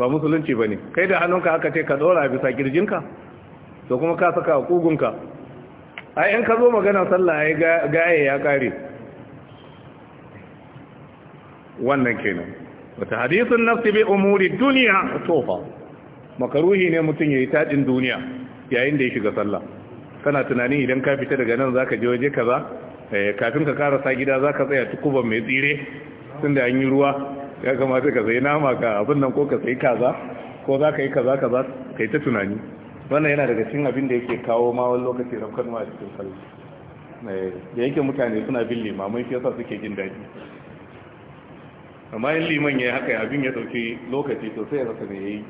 ba musulunci ba ne kai da hannunka aka ce ka dora a bisa kirjinka to kuma ka saka a kugunka A in ka zo magana sallah ya gaye ya kare wannan kenan wata hadisun nafsi bi umuri duniya tofa makaruhi ne mutum ya yi tajin duniya yayin da ya shiga sallah kana tunanin idan ka fita daga nan zaka je waje kaza eh, kafin ka sa gida zaka tsaya tukuban mai tsire tunda an yi ruwa ya kamata ka sai nama ka abin nan ko ka sai kaza ko za ka yi kaza kaza yi ta tunani wannan yana daga cikin abin da yake kawo ma wani lokaci rafkanuwa a cikin sallah eh, da yake mutane suna bin limamai shi yasa suke jin daɗi amma yin liman ya yi haka abin ya ɗauki lokaci sosai ya rasa ne ya yi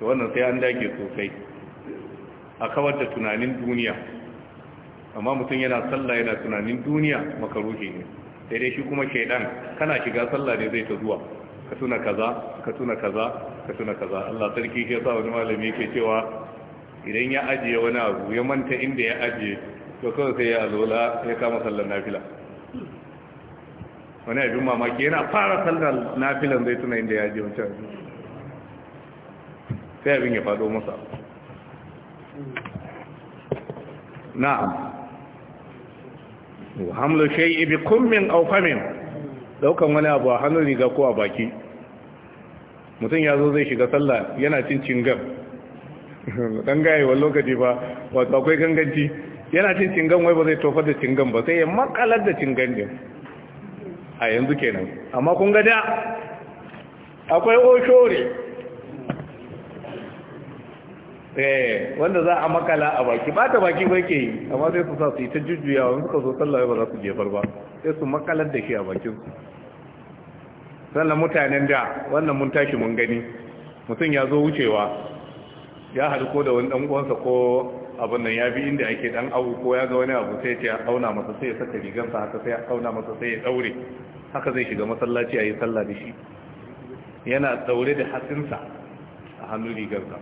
da wannan sai an dage sosai a kawar da tunanin duniya amma mutum yana sallah yana tunanin duniya makaruhi ne sai dai shi kuma shaidan kana shiga sallah ne zai ta zuwa ka tuna kaza ka tuna kaza ka tuna kaza Allah sarki ke sa wani malami yake cewa idan ya ajiye wani abu ya manta inda ya ajiye to kawai sai ya azola ya kama sallar nafila wani abin mamaki yana fara sallar nafilan zai tuna inda ya ajiye wancan sai abin ya fado masa na'am wa hamlu shay'i bi kummin aw famin daukan wani abu a hannun riga ko a baki mutum ya zo zai shiga sallah yana cin cingar dan gayewar lokaci ba wato akwai ganganci yana cin cingan wai ba zai tofar da cingan ba sai ya makalar da cingan din a yanzu kenan amma kun ga da akwai oshore eh wanda za a makala a baki ba ta baki ba ke yi amma sai su sa su yi ta jujjuyawa suka zo sallah ba za su jefar ba sai su makalar da shi a bakinsu sannan mutanen da wannan mun tashi mun gani mutum ya zo wucewa ya halko da wani ɗan'uwansa ko abin nan ya bi inda ake ɗan abu ko ya ga wani abu sai ya auna masa sai ya saka rigansa haka sai ya auna masa sai ya daure haka zai shiga masallaci a yi sallah da shi yana daure da hatsinsa a hannun rigarsa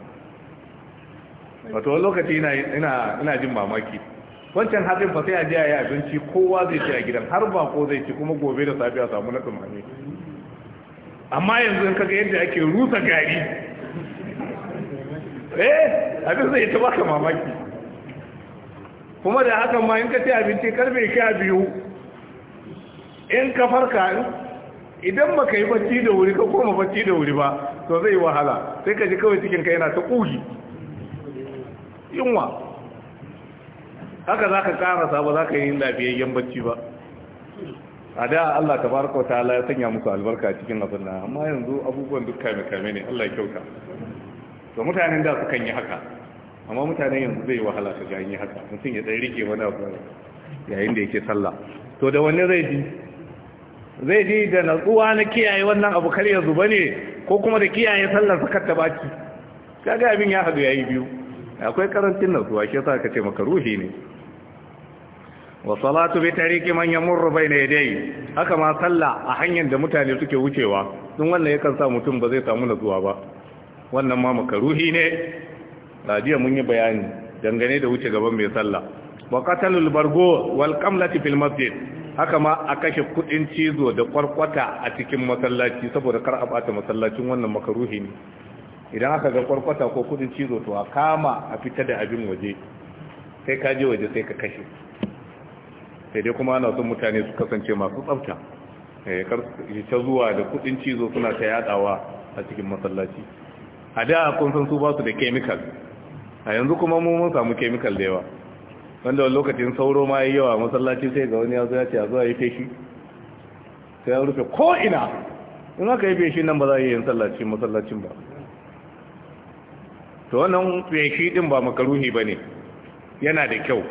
wato wani lokaci ina jin mamaki wancan hatsin fa sai a je a yi abinci kowa zai ci a gidan har ba ko zai ci kuma gobe da safiya samu na tsammani amma yanzu in kaga yadda ake rusa gari eh abin zai ta baka mamaki kuma da hakan ma in ka ci abinci karfe sha biyu in ka farka idan baka yi bacci da wuri ka koma bacci da wuri ba to zai yi wahala sai ka ji kawai cikin ka yana ta ƙugi. yunwa haka za ka karasa ba za ka yi lafiyayyen bacci ba a da Allah Ta ta Ala ya sanya musu albarka cikin abin nan amma yanzu abubuwan duk kame kame ne Allah ya kyauta to mutanen da sukan yi haka amma mutanen yanzu zai wahala su ga yi haka mutum ya dai rike wani abu yayin da yake sallah to da wanne zai ji zai ji da natsuwa na kiyaye wannan abu kar ya zuba ne ko kuma da kiyaye sallar su ta baki kaga abin ya hadu yayi biyu akwai karantin natsuwa shi yasa ka ce maka ruhi ne wa salatu bi tariki man yamurru bayna yadayhi haka ma sallah a hanyar da mutane suke wucewa dun wannan yakan sa mutum ba zai samu nutsuwa ba wannan ma makaruhi ne radiya mun yi bayani dangane da wuce gaban mai sallah wa qatalul bargo wal qamlati fil masjid haka ma a kashe kudin cizo da kwarkwata a cikin masallaci saboda kar a bata masallacin wannan makaruhi ne idan aka ga kwarkwata ko kudin cizo to a kama a fita da abin waje sai ka je waje sai ka kashe sai dai kuma ana son mutane su kasance masu tsafta eh, ta zuwa da kudin cizo suna ta yadawa a cikin masallaci a da kun san su ba su da kemikal. a yanzu kuma mu mun samu kemikal da yawa wanda wani lokacin sauro ma yi yawa masallaci sai ga wani ya ya ce a zuwa yi feshi sai ya rufe ko ina in aka yi feshi nan ba za a yi yin sallaci masallacin ba to wannan feshi din ba makaruhi ba ne yana da kyau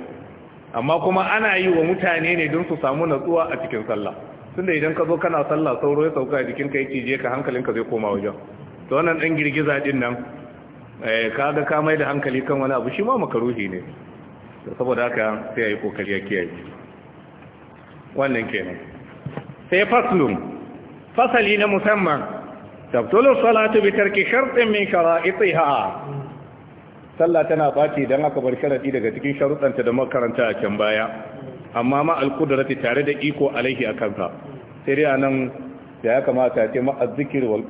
amma kuma ana yi wa mutane ne don su samu natsuwa a cikin sallah tunda idan ka zo kana sallah sauro ya sauka a jikin ka yake je ka hankalinka zai koma wajen to wannan dan girgiza din nan eh kaga ka mai da hankali kan wani abu shi ma makaruhi ne saboda haka sai ayi kokari ya kiyaye wannan kenan sai faslun fasali na musamman tabtulu salatu bi tarki shartin min shara'itiha sallah tana bace dan aka bar sharadi daga cikin sharuɗanta da makaranta a can baya amma ma alqudrati tare da iko alaihi akan sa sai dai anan da ya kamata ce ma azzikir wal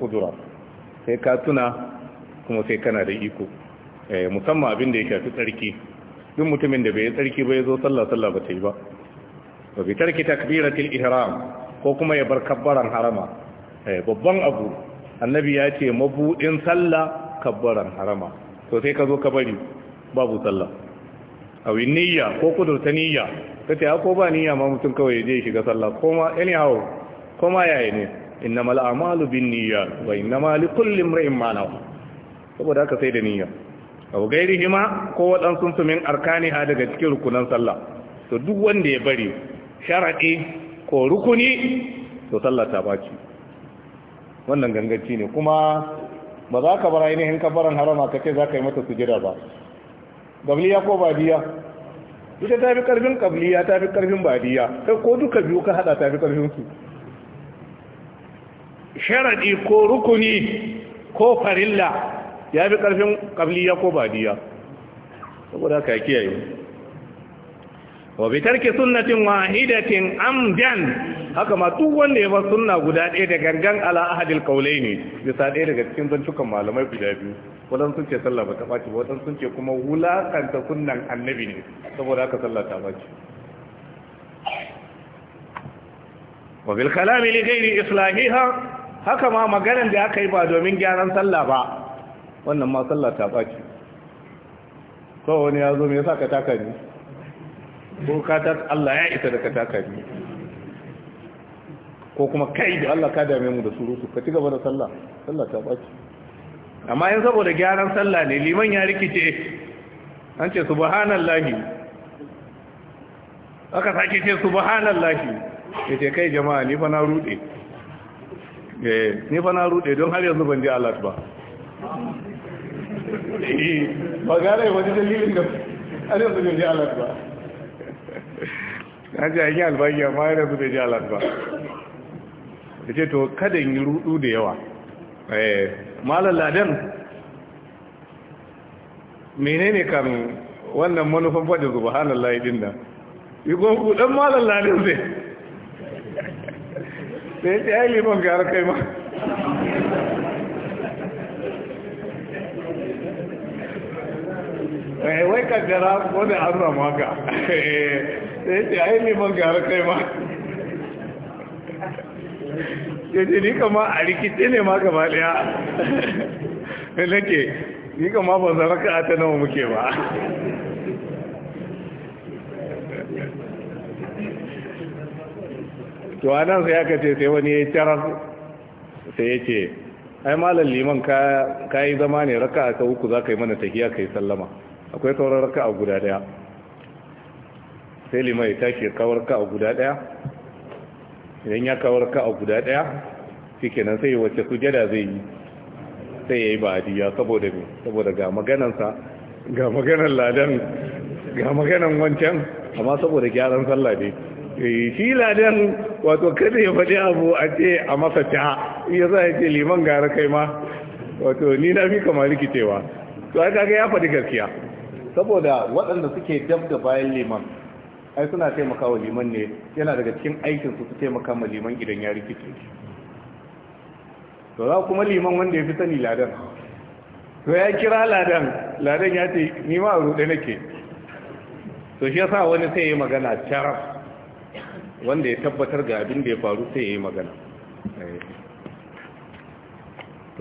sai ka tuna kuma sai kana da iko eh musamman abin da ya shafi tsarki duk mutumin da bai yi tsarki ba yazo zo sallah sallah ba ta yi ba wa bi tarki takbiratul ihram ko kuma ya bar kabbaran harama eh babban abu annabi ya ce mabudin sallah kabbaran harama to sai ka zo ka bari babu sallah a niyya ko kudurta niyya ta ce ko ba niyya ma mutum kawai ya je shiga sallah koma anyhow koma yaya ne innama al'amalu bin niyya wa innama li kulli imrin ma nawa saboda haka sai da niyya aw gairihima ko waɗansu sumin arkani ha daga cikin rukunan sallah to duk wanda ya bari sharaɗi ko rukuni to sallah ta baci wannan ganganci ne kuma ba za ka bar ainihin kabaran harama ka ce za ka yi mata sujada ba gabliya ko badiya ita ta fi karfin gabliya ta fi karfin badiya sai ko duka biyu ka hada ta fi karfin su sharadi ko rukuni ko farilla ya fi karfin kabliya ko badiya saboda ka kiyaye wa bi tarki sunnatin wahidatin amdan haka ma duk wanda ya bar sunna guda ɗaya da gangan ala ahadil qaulaini bisa ɗaya daga cikin zantukan malamai guda biyu wadan sun ce sallah ba ta baci ba wadan sun ce kuma wulakanta sunnan annabi ne saboda haka sallah ta baci wa bil kalam li ghairi islahiha haka ma maganar da aka yi ba domin gyaran sallah ba wannan ma sallah ta baci ko wani ya zo me yasa ka taka ni ko ka Allah ya isa da kataka taka ni ko kuma kai da Allah ka dame mu da surutu ka ci gaba da sallah sallah ta baci amma in saboda gyaran sallah ne liman ya rikice an ce subhanallahi aka sake ce subhanallahi yace kai jama'a ni fa na rude eh ni fa na rude don har yanzu ban ji Allah ba eh, ba gare wani dalilin da har yanzu ban ji Allah ba na a yi albashi amma yana su bai ji ba da ce to kada yi rudu da yawa eh, malar ladan menene kan wannan manufan fadin zuba hannun layi din nan yi gonku dan malar ladan zai da ya ce ya yi liman gara kai ma eh, wai kaddara wani an ramu haka eh, da ya ce ai man gara kai ma ya ce ni kama a rikice ne ma gaba daya na ke ni kama ba zara ka ta nawa muke ba to sai aka ce sai wani ya tarar sai ya ce ai malar liman ka yi zama ne raka a uku za ka yi mana tafiya ka yi sallama akwai sauran raka a guda daya sai limai ya tashi kawar ka a guda daya idan ya kawar ka a guda daya nan sai wace sujada zai yi sai ya yi ba'adiyya saboda mai saboda ga maganansa ga maganan ladan ga maganan wancan amma saboda gyaran sallah ne eh, shi ladan wato kada ya faɗi abu a ce a masa ta iya za ya ce liman gara kai ma wato ni na fi kama rikicewa to aka ga ya faɗi gaskiya saboda waɗanda suke dab da bayan liman ai suna taimaka wa liman ne yana daga cikin aikin su su taimaka ma liman idan ya rikice to za kuma liman wanda ya fi sani ladan to ya kira ladan ladan ya ce ni ma a rude nake to shi yasa wani sai ya yi magana cara wanda ya tabbatar ga abin da ya faru sai ya yi magana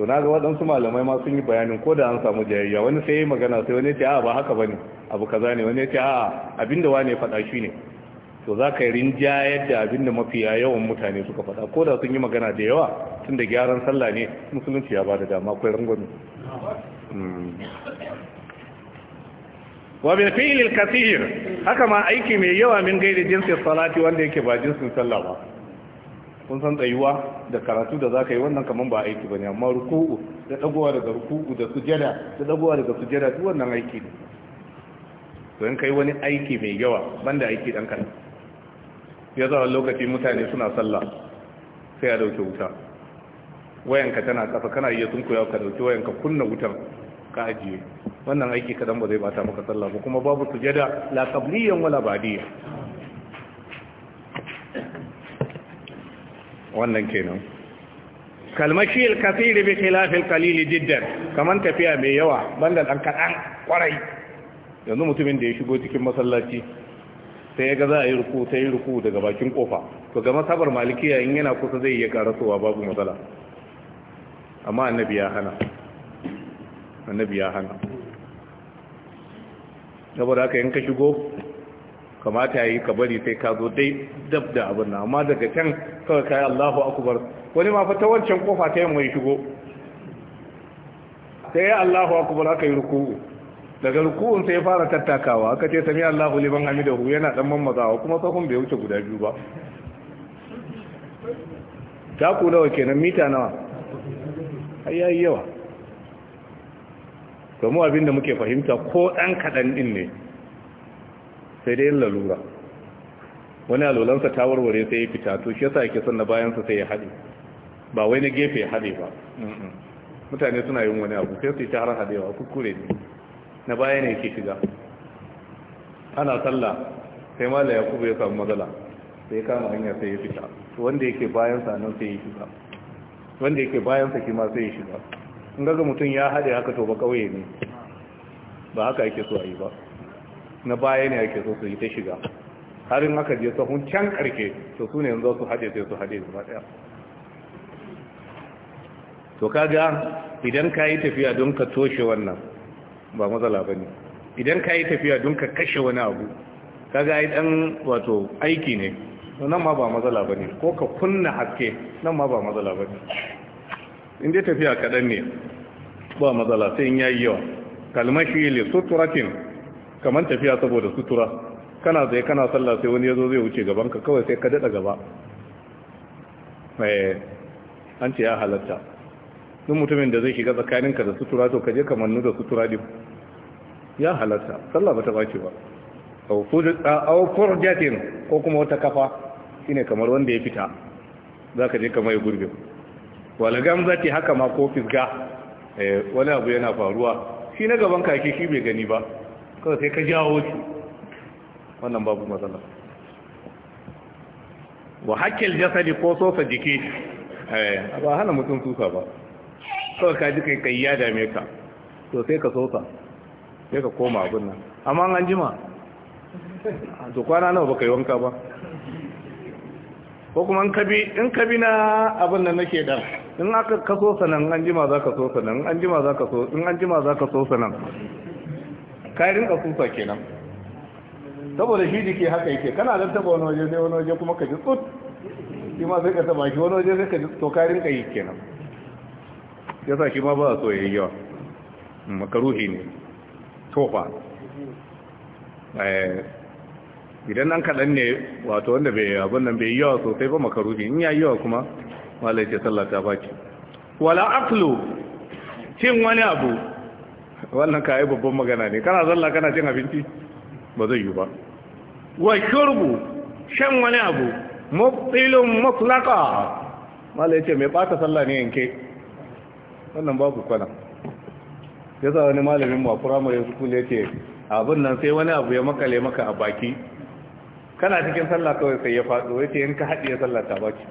to na ga waɗansu malamai ma sun yi bayanin ko da an samu jayayya wani sai ya yi magana sai wani ya ce a ba haka ba ne abu kaza ne wani ya ce a abinda wane ya fada shi ne to za ka yi rinjayar da abinda mafiya yawan mutane suka fada ko da sun yi magana da yawa tun da gyaran sallah ne musulunci ya ba dama kai rangon hmm. wa bin fi'il al kathir haka ma aiki mai yawa min gaida jinsin salati wanda yake ba jinsin sallah ba kun san tsayuwa da karatu da zaka yi wannan kaman ba aiki bane amma ruku'u da dagowa daga ruku'u da sujada da dagowa daga sujada duk wannan aiki ne to in kai wani aiki mai yawa banda aiki dan kan ya zawa lokaci mutane suna sallah sai ya dauke wuta wayanka tana kafa kana iya sunkuya ka dauke wayanka kunna wutar ka ajiye wannan aiki kadan ba zai bata maka sallah ba kuma babu sujada la qabliyan wala badiya wannan kenan kalmashi al-kathir bi khilaf al-qalil jiddan kaman tafiya mai yawa banda dan kadan kwarai yanzu mutumin da ya shigo cikin masallaci sai ya ga za a yi ruku ta yi ruku daga bakin kofa to ga masabar malikiya in yana kusa zai iya karasowa babu matsala amma annabi ya hana annabi ya hana saboda haka yanka shigo kamata yi ka bari sai ka zo dai dab da abin nan amma daga can kawai kai Allahu akbar wani ma fa ta wancan kofa ta yamma ya shigo sai Allahu akbar aka yi ruku. daga rukun sai ya fara tattakawa aka ce sami Allahu da hu, yana dan mammazawa kuma sahun bai wuce guda biyu ba taku nawa kenan mita nawa ai yawa yawa kuma abinda muke fahimta ko dan kaɗan din ne sai dai lalura wani alolansa ta warware sai ya fita to shi yasa yake sanna na bayansa sai ya haɗe. ba wai na gefe ya haɗe ba mutane suna yin wani abu sai su yi ta har hadewa kukure ne na baya ne ke shiga ana sallah sai mala ya kuma ya samu matsala sai kama hanya sai ya fita wanda yake bayan sa nan sai ya shiga wanda yake bayan sa kima sai ya shiga in ga mutum ya haɗe haka to ba kawai ne ba haka yake so a yi ba na baya ne ke so su yi ta shiga har in aka je sahun can karke to su ne yanzu su haɗe sai su haɗe gaba ɗaya to kaga idan ka yi tafiya don ka toshe wannan ba matsala ba ne idan ka yi tafiya don ka kashe wani abu ka ga yi ɗan wato aiki ne nan ma ba matsala ba ne ko ka kunna haske nan ma ba matsala ba ne inda tafiya kaɗan ne ba matsala sai in yi yawa kalmashi le suturatin kamar tafiya saboda sutura kana zai kana sallah sai wani ya zo zai wuce gaban ka kawai sai ka daɗa gaba eh, an ce ya halatta duk mutumin da zai shiga tsakaninka da sutura to kaje kamar nuna sutura din ya halatta sallah ba ta bace ba aw furjatin ko kuma wata kafa shine kamar wanda ya fita zaka je kamar ya gurbe wala gamzati haka ma ko fisga eh wani abu yana faruwa shi na gaban kake shi bai gani ba kawai sai ka jawo shi wannan babu matsala wa hakkil jasadi ko sosa jiki eh ba hana mutum tusa ba kawai ka ji kai kai ya dame ka to sai ka sosa sai ka koma abin nan amma an jima to kwana nawa baka yi wanka ba ko kuma in kabi bi na abin nan nake dan in aka ka sosa nan an jima za ka sosa nan an jima za ka so in an jima za ka sosa nan ka rinka sosa kenan saboda shi jiki haka yake kana dan taba wani waje sai wani waje kuma ka ji tsut shi ma sai ka taba shi wani waje sai ka ji to ka rinka yi kenan ya sa shi ma ba a so ya yi yawa makaruhi ne tofa eh, idan nan kaɗan ne wato wanda bai abin nan bai yi yawa sosai ba makaruhi in ya yawa kuma malai ce sallah ta baki wala aklu cin wani abu wannan ka yi babban magana ne kana zalla kana cin abinci ba zai yi ba wa shurbu shan wani abu mubtilun mutlaka malai ce mai ɓata sallah ne yanke wannan babu kwana ya sa wani malamin ma firamare school yake abin nan sai wani abu ya makale maka a baki kana cikin sallah kawai sai ya faɗo ya ce yin ka ya sallah ta baki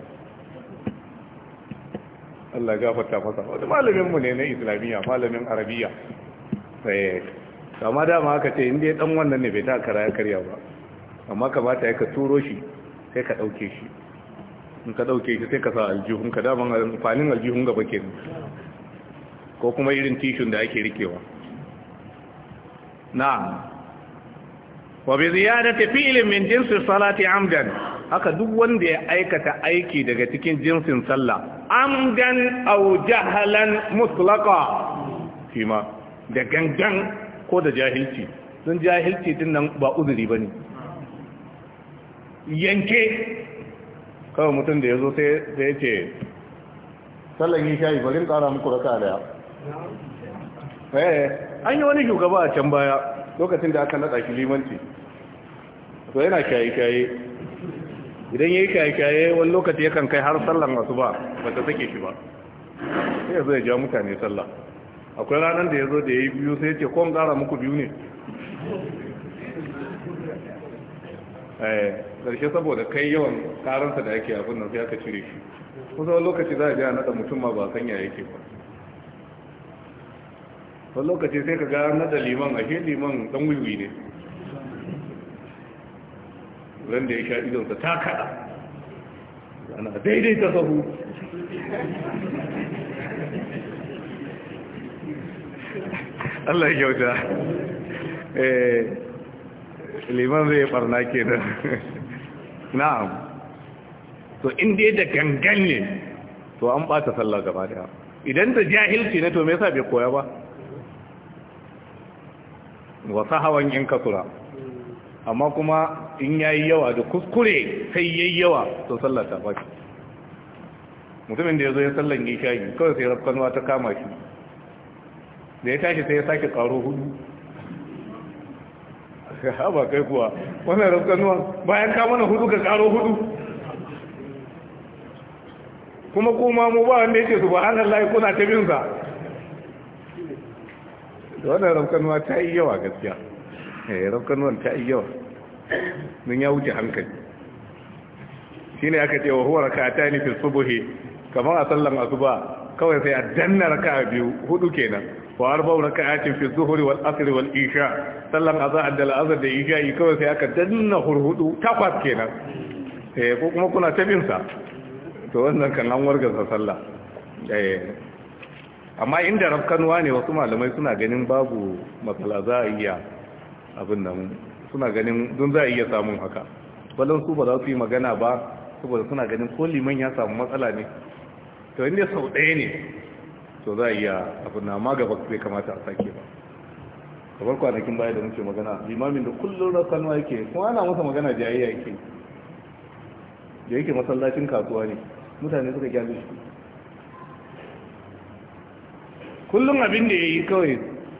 Allah gafarta masa wani malamin mu ne na islamiyya malamin arabiya sai eh, kama dama aka ce inda ya dan wannan ne bai ta kara ya karya ba amma kamata ya ka turo shi sai ka ɗauke shi in ka ɗauke shi sai ka sa aljihun ka daman amfanin aljihun gaba ke ko kuma irin tishin da ake rikewa Na. wa bi ziyadati fi'lin min jinsi salati amdan haka duk wanda ya aikata aiki daga cikin jinsin sallah amdan aw jahalan mutlaqa fima da gangan ko da jahilci don jahilci din nan ba uzuri bane yanke kawai mutum da ya zo sai ya ce sallan yi shayi bari in kara muku raka ya. Eh, an yi wani shugaba a can baya lokacin da aka naɗa shi limanci to yana shaye-shaye idan ya yi shaye-shaye wani lokaci yakan kai har sallan wasu ba ba ta sake shi ba sai ya zo ya ja mutane sallah akwai ranar da ya zo da ya yi biyu sai ya ce kwan ƙara muku biyu ne eh, ƙarshe saboda kai yawan karansa da ake abin nan sai aka cire shi kusa wani lokaci za a ji a naɗa mutum ma ba sanya yake ba wani lokaci sai ka ga da liman ashe liman dan wiwi ne Wanda ya sha idonsa ta kada ana daidai ta sahu Allah ya kyauta eh liman zai ke kenan na'am to in dai da gangan ne to an ta sallah gaba daya idan da jahilci ne to me yasa bai koya ba wa sahawan in kasura amma kuma in yayi yawa da kuskure sai yayi yawa to sallah ta baki mutumin da yazo ya sallan shayi kawai sai rafkanwa ta kama shi da ya tashi sai ya sake karo hudu haba kai kuwa wannan rafkanuwa bayan ka mana hudu ga karo hudu kuma kuma mu ba wanda yake subhanallahi kuna ta bin da wannan raukanuwa ta yi yawa gaskiya eh raukanuwan ta yi yawa mun ya wuce hankali shine aka ce wa huwa rak'atani ta ni fi subuhi kamar a sallan asuba kawai sai a danna raka biyu hudu kenan wa arba'u raka'atin fi zuhri wal asr wal isha sallan azhar da al'azhar da isha kawai sai aka danna hurhudu takwas kenan eh ko kuma kuna tabin sa to wannan kan an wargaza sallah eh amma inda rafkanuwa ne wasu malamai suna ganin babu matsala za a iya abin nan suna ganin don za a iya samun haka balon su ba za su yi magana ba saboda suna ganin ko liman ya samu matsala ne to inda sau ɗaya ne to za a iya abin na ma gaba bai kamata a sake ba kamar kwanakin baya da muke magana limamin da kullum rafkanuwa yake kuma ana masa magana jayayya yake da yake masallacin kasuwa ne mutane suka gyara shi kullum abin da ya yi kawai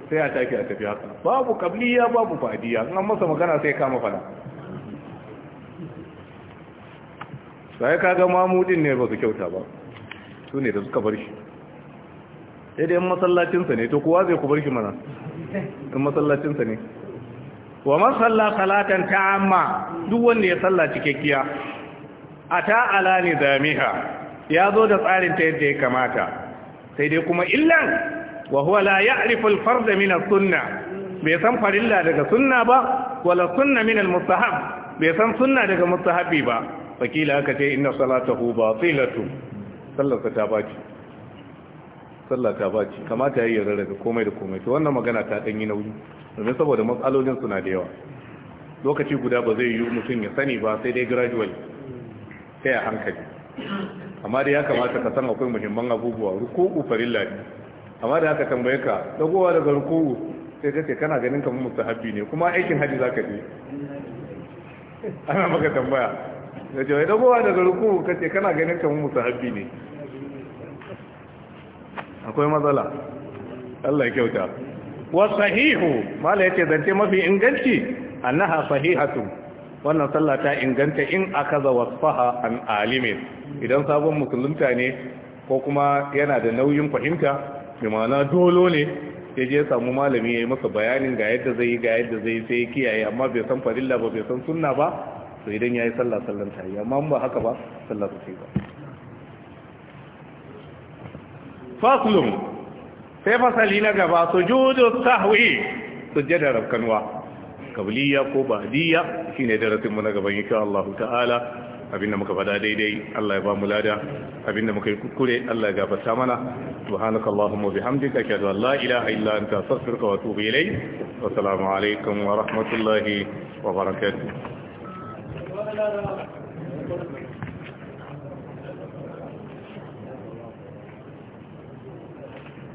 sai a tafi a tafi haka babu kabliya babu fadiya an masa magana sai kama fada sai kaga mamudin ne ba su kyauta ba su ne da suka bar shi sai dai masallacinsa ne to kowa zai ku bar shi mana in masallacinsa ne wa masalla salatan ta'amma duk wanda ya salla cikakkiya ata ala nizamiha ya zo da tsarin ta yadda ya kamata sai dai kuma illan wa huwa la ya'rifu al-fard min as-sunna bai san farilla daga sunna ba wala sunna min al-mustahab bai san sunna daga mustahabi ba wakila aka ce inna salatahu batilatu sallarsa ta baci sallar ta baci kamata yayi yarda daga komai da komai to wannan magana ta dan yi nauyi domin saboda matsalolin suna da yawa lokaci guda ba zai yi mutum ya sani ba sai dai gradually sai a hankali amma da ya kamata ka san akwai muhimman abubuwa ruku'u farilla ne amma da haka tambaye ka dagowa daga ruku'u sai ka ce kana ganin kamar mustahabi ne kuma aikin haji zaka je ana maka tambaya da ce wai dagowa daga ruku'u ka ce kana ganin kamar mustahabi ne akwai matsala Allah ya kyauta wa sahihu mala yace zance mafi inganci annaha sahihatu wannan sallah ta inganta in akaza wasfaha an alimin idan sabon musulunta ne ko kuma yana da nauyin fahimta bi ma'ana dolo ne ya je samu malami ya yi masa bayanin ga yadda zai yi ga yadda zai sai ya kiyaye amma bai san farilla ba bai san sunna ba to idan ya yi sallah sallan ta yi amma ba haka ba sallah su ba faslun sai fasali na gaba sujudu sahwi sujjada rabkanwa kabliya ko ba'diya shine darasin mu na gaban insha Allah ta'ala abinda muka fada daidai Allah ya ba mu lada abinda muka yi kukure Allah ya gafarta mana subhanaka allahumma bihamdika ashhadu an la ilaha illa anta astaghfiruka wa atubu ilayk wa assalamu alaikum wa rahmatullahi wa barakatuh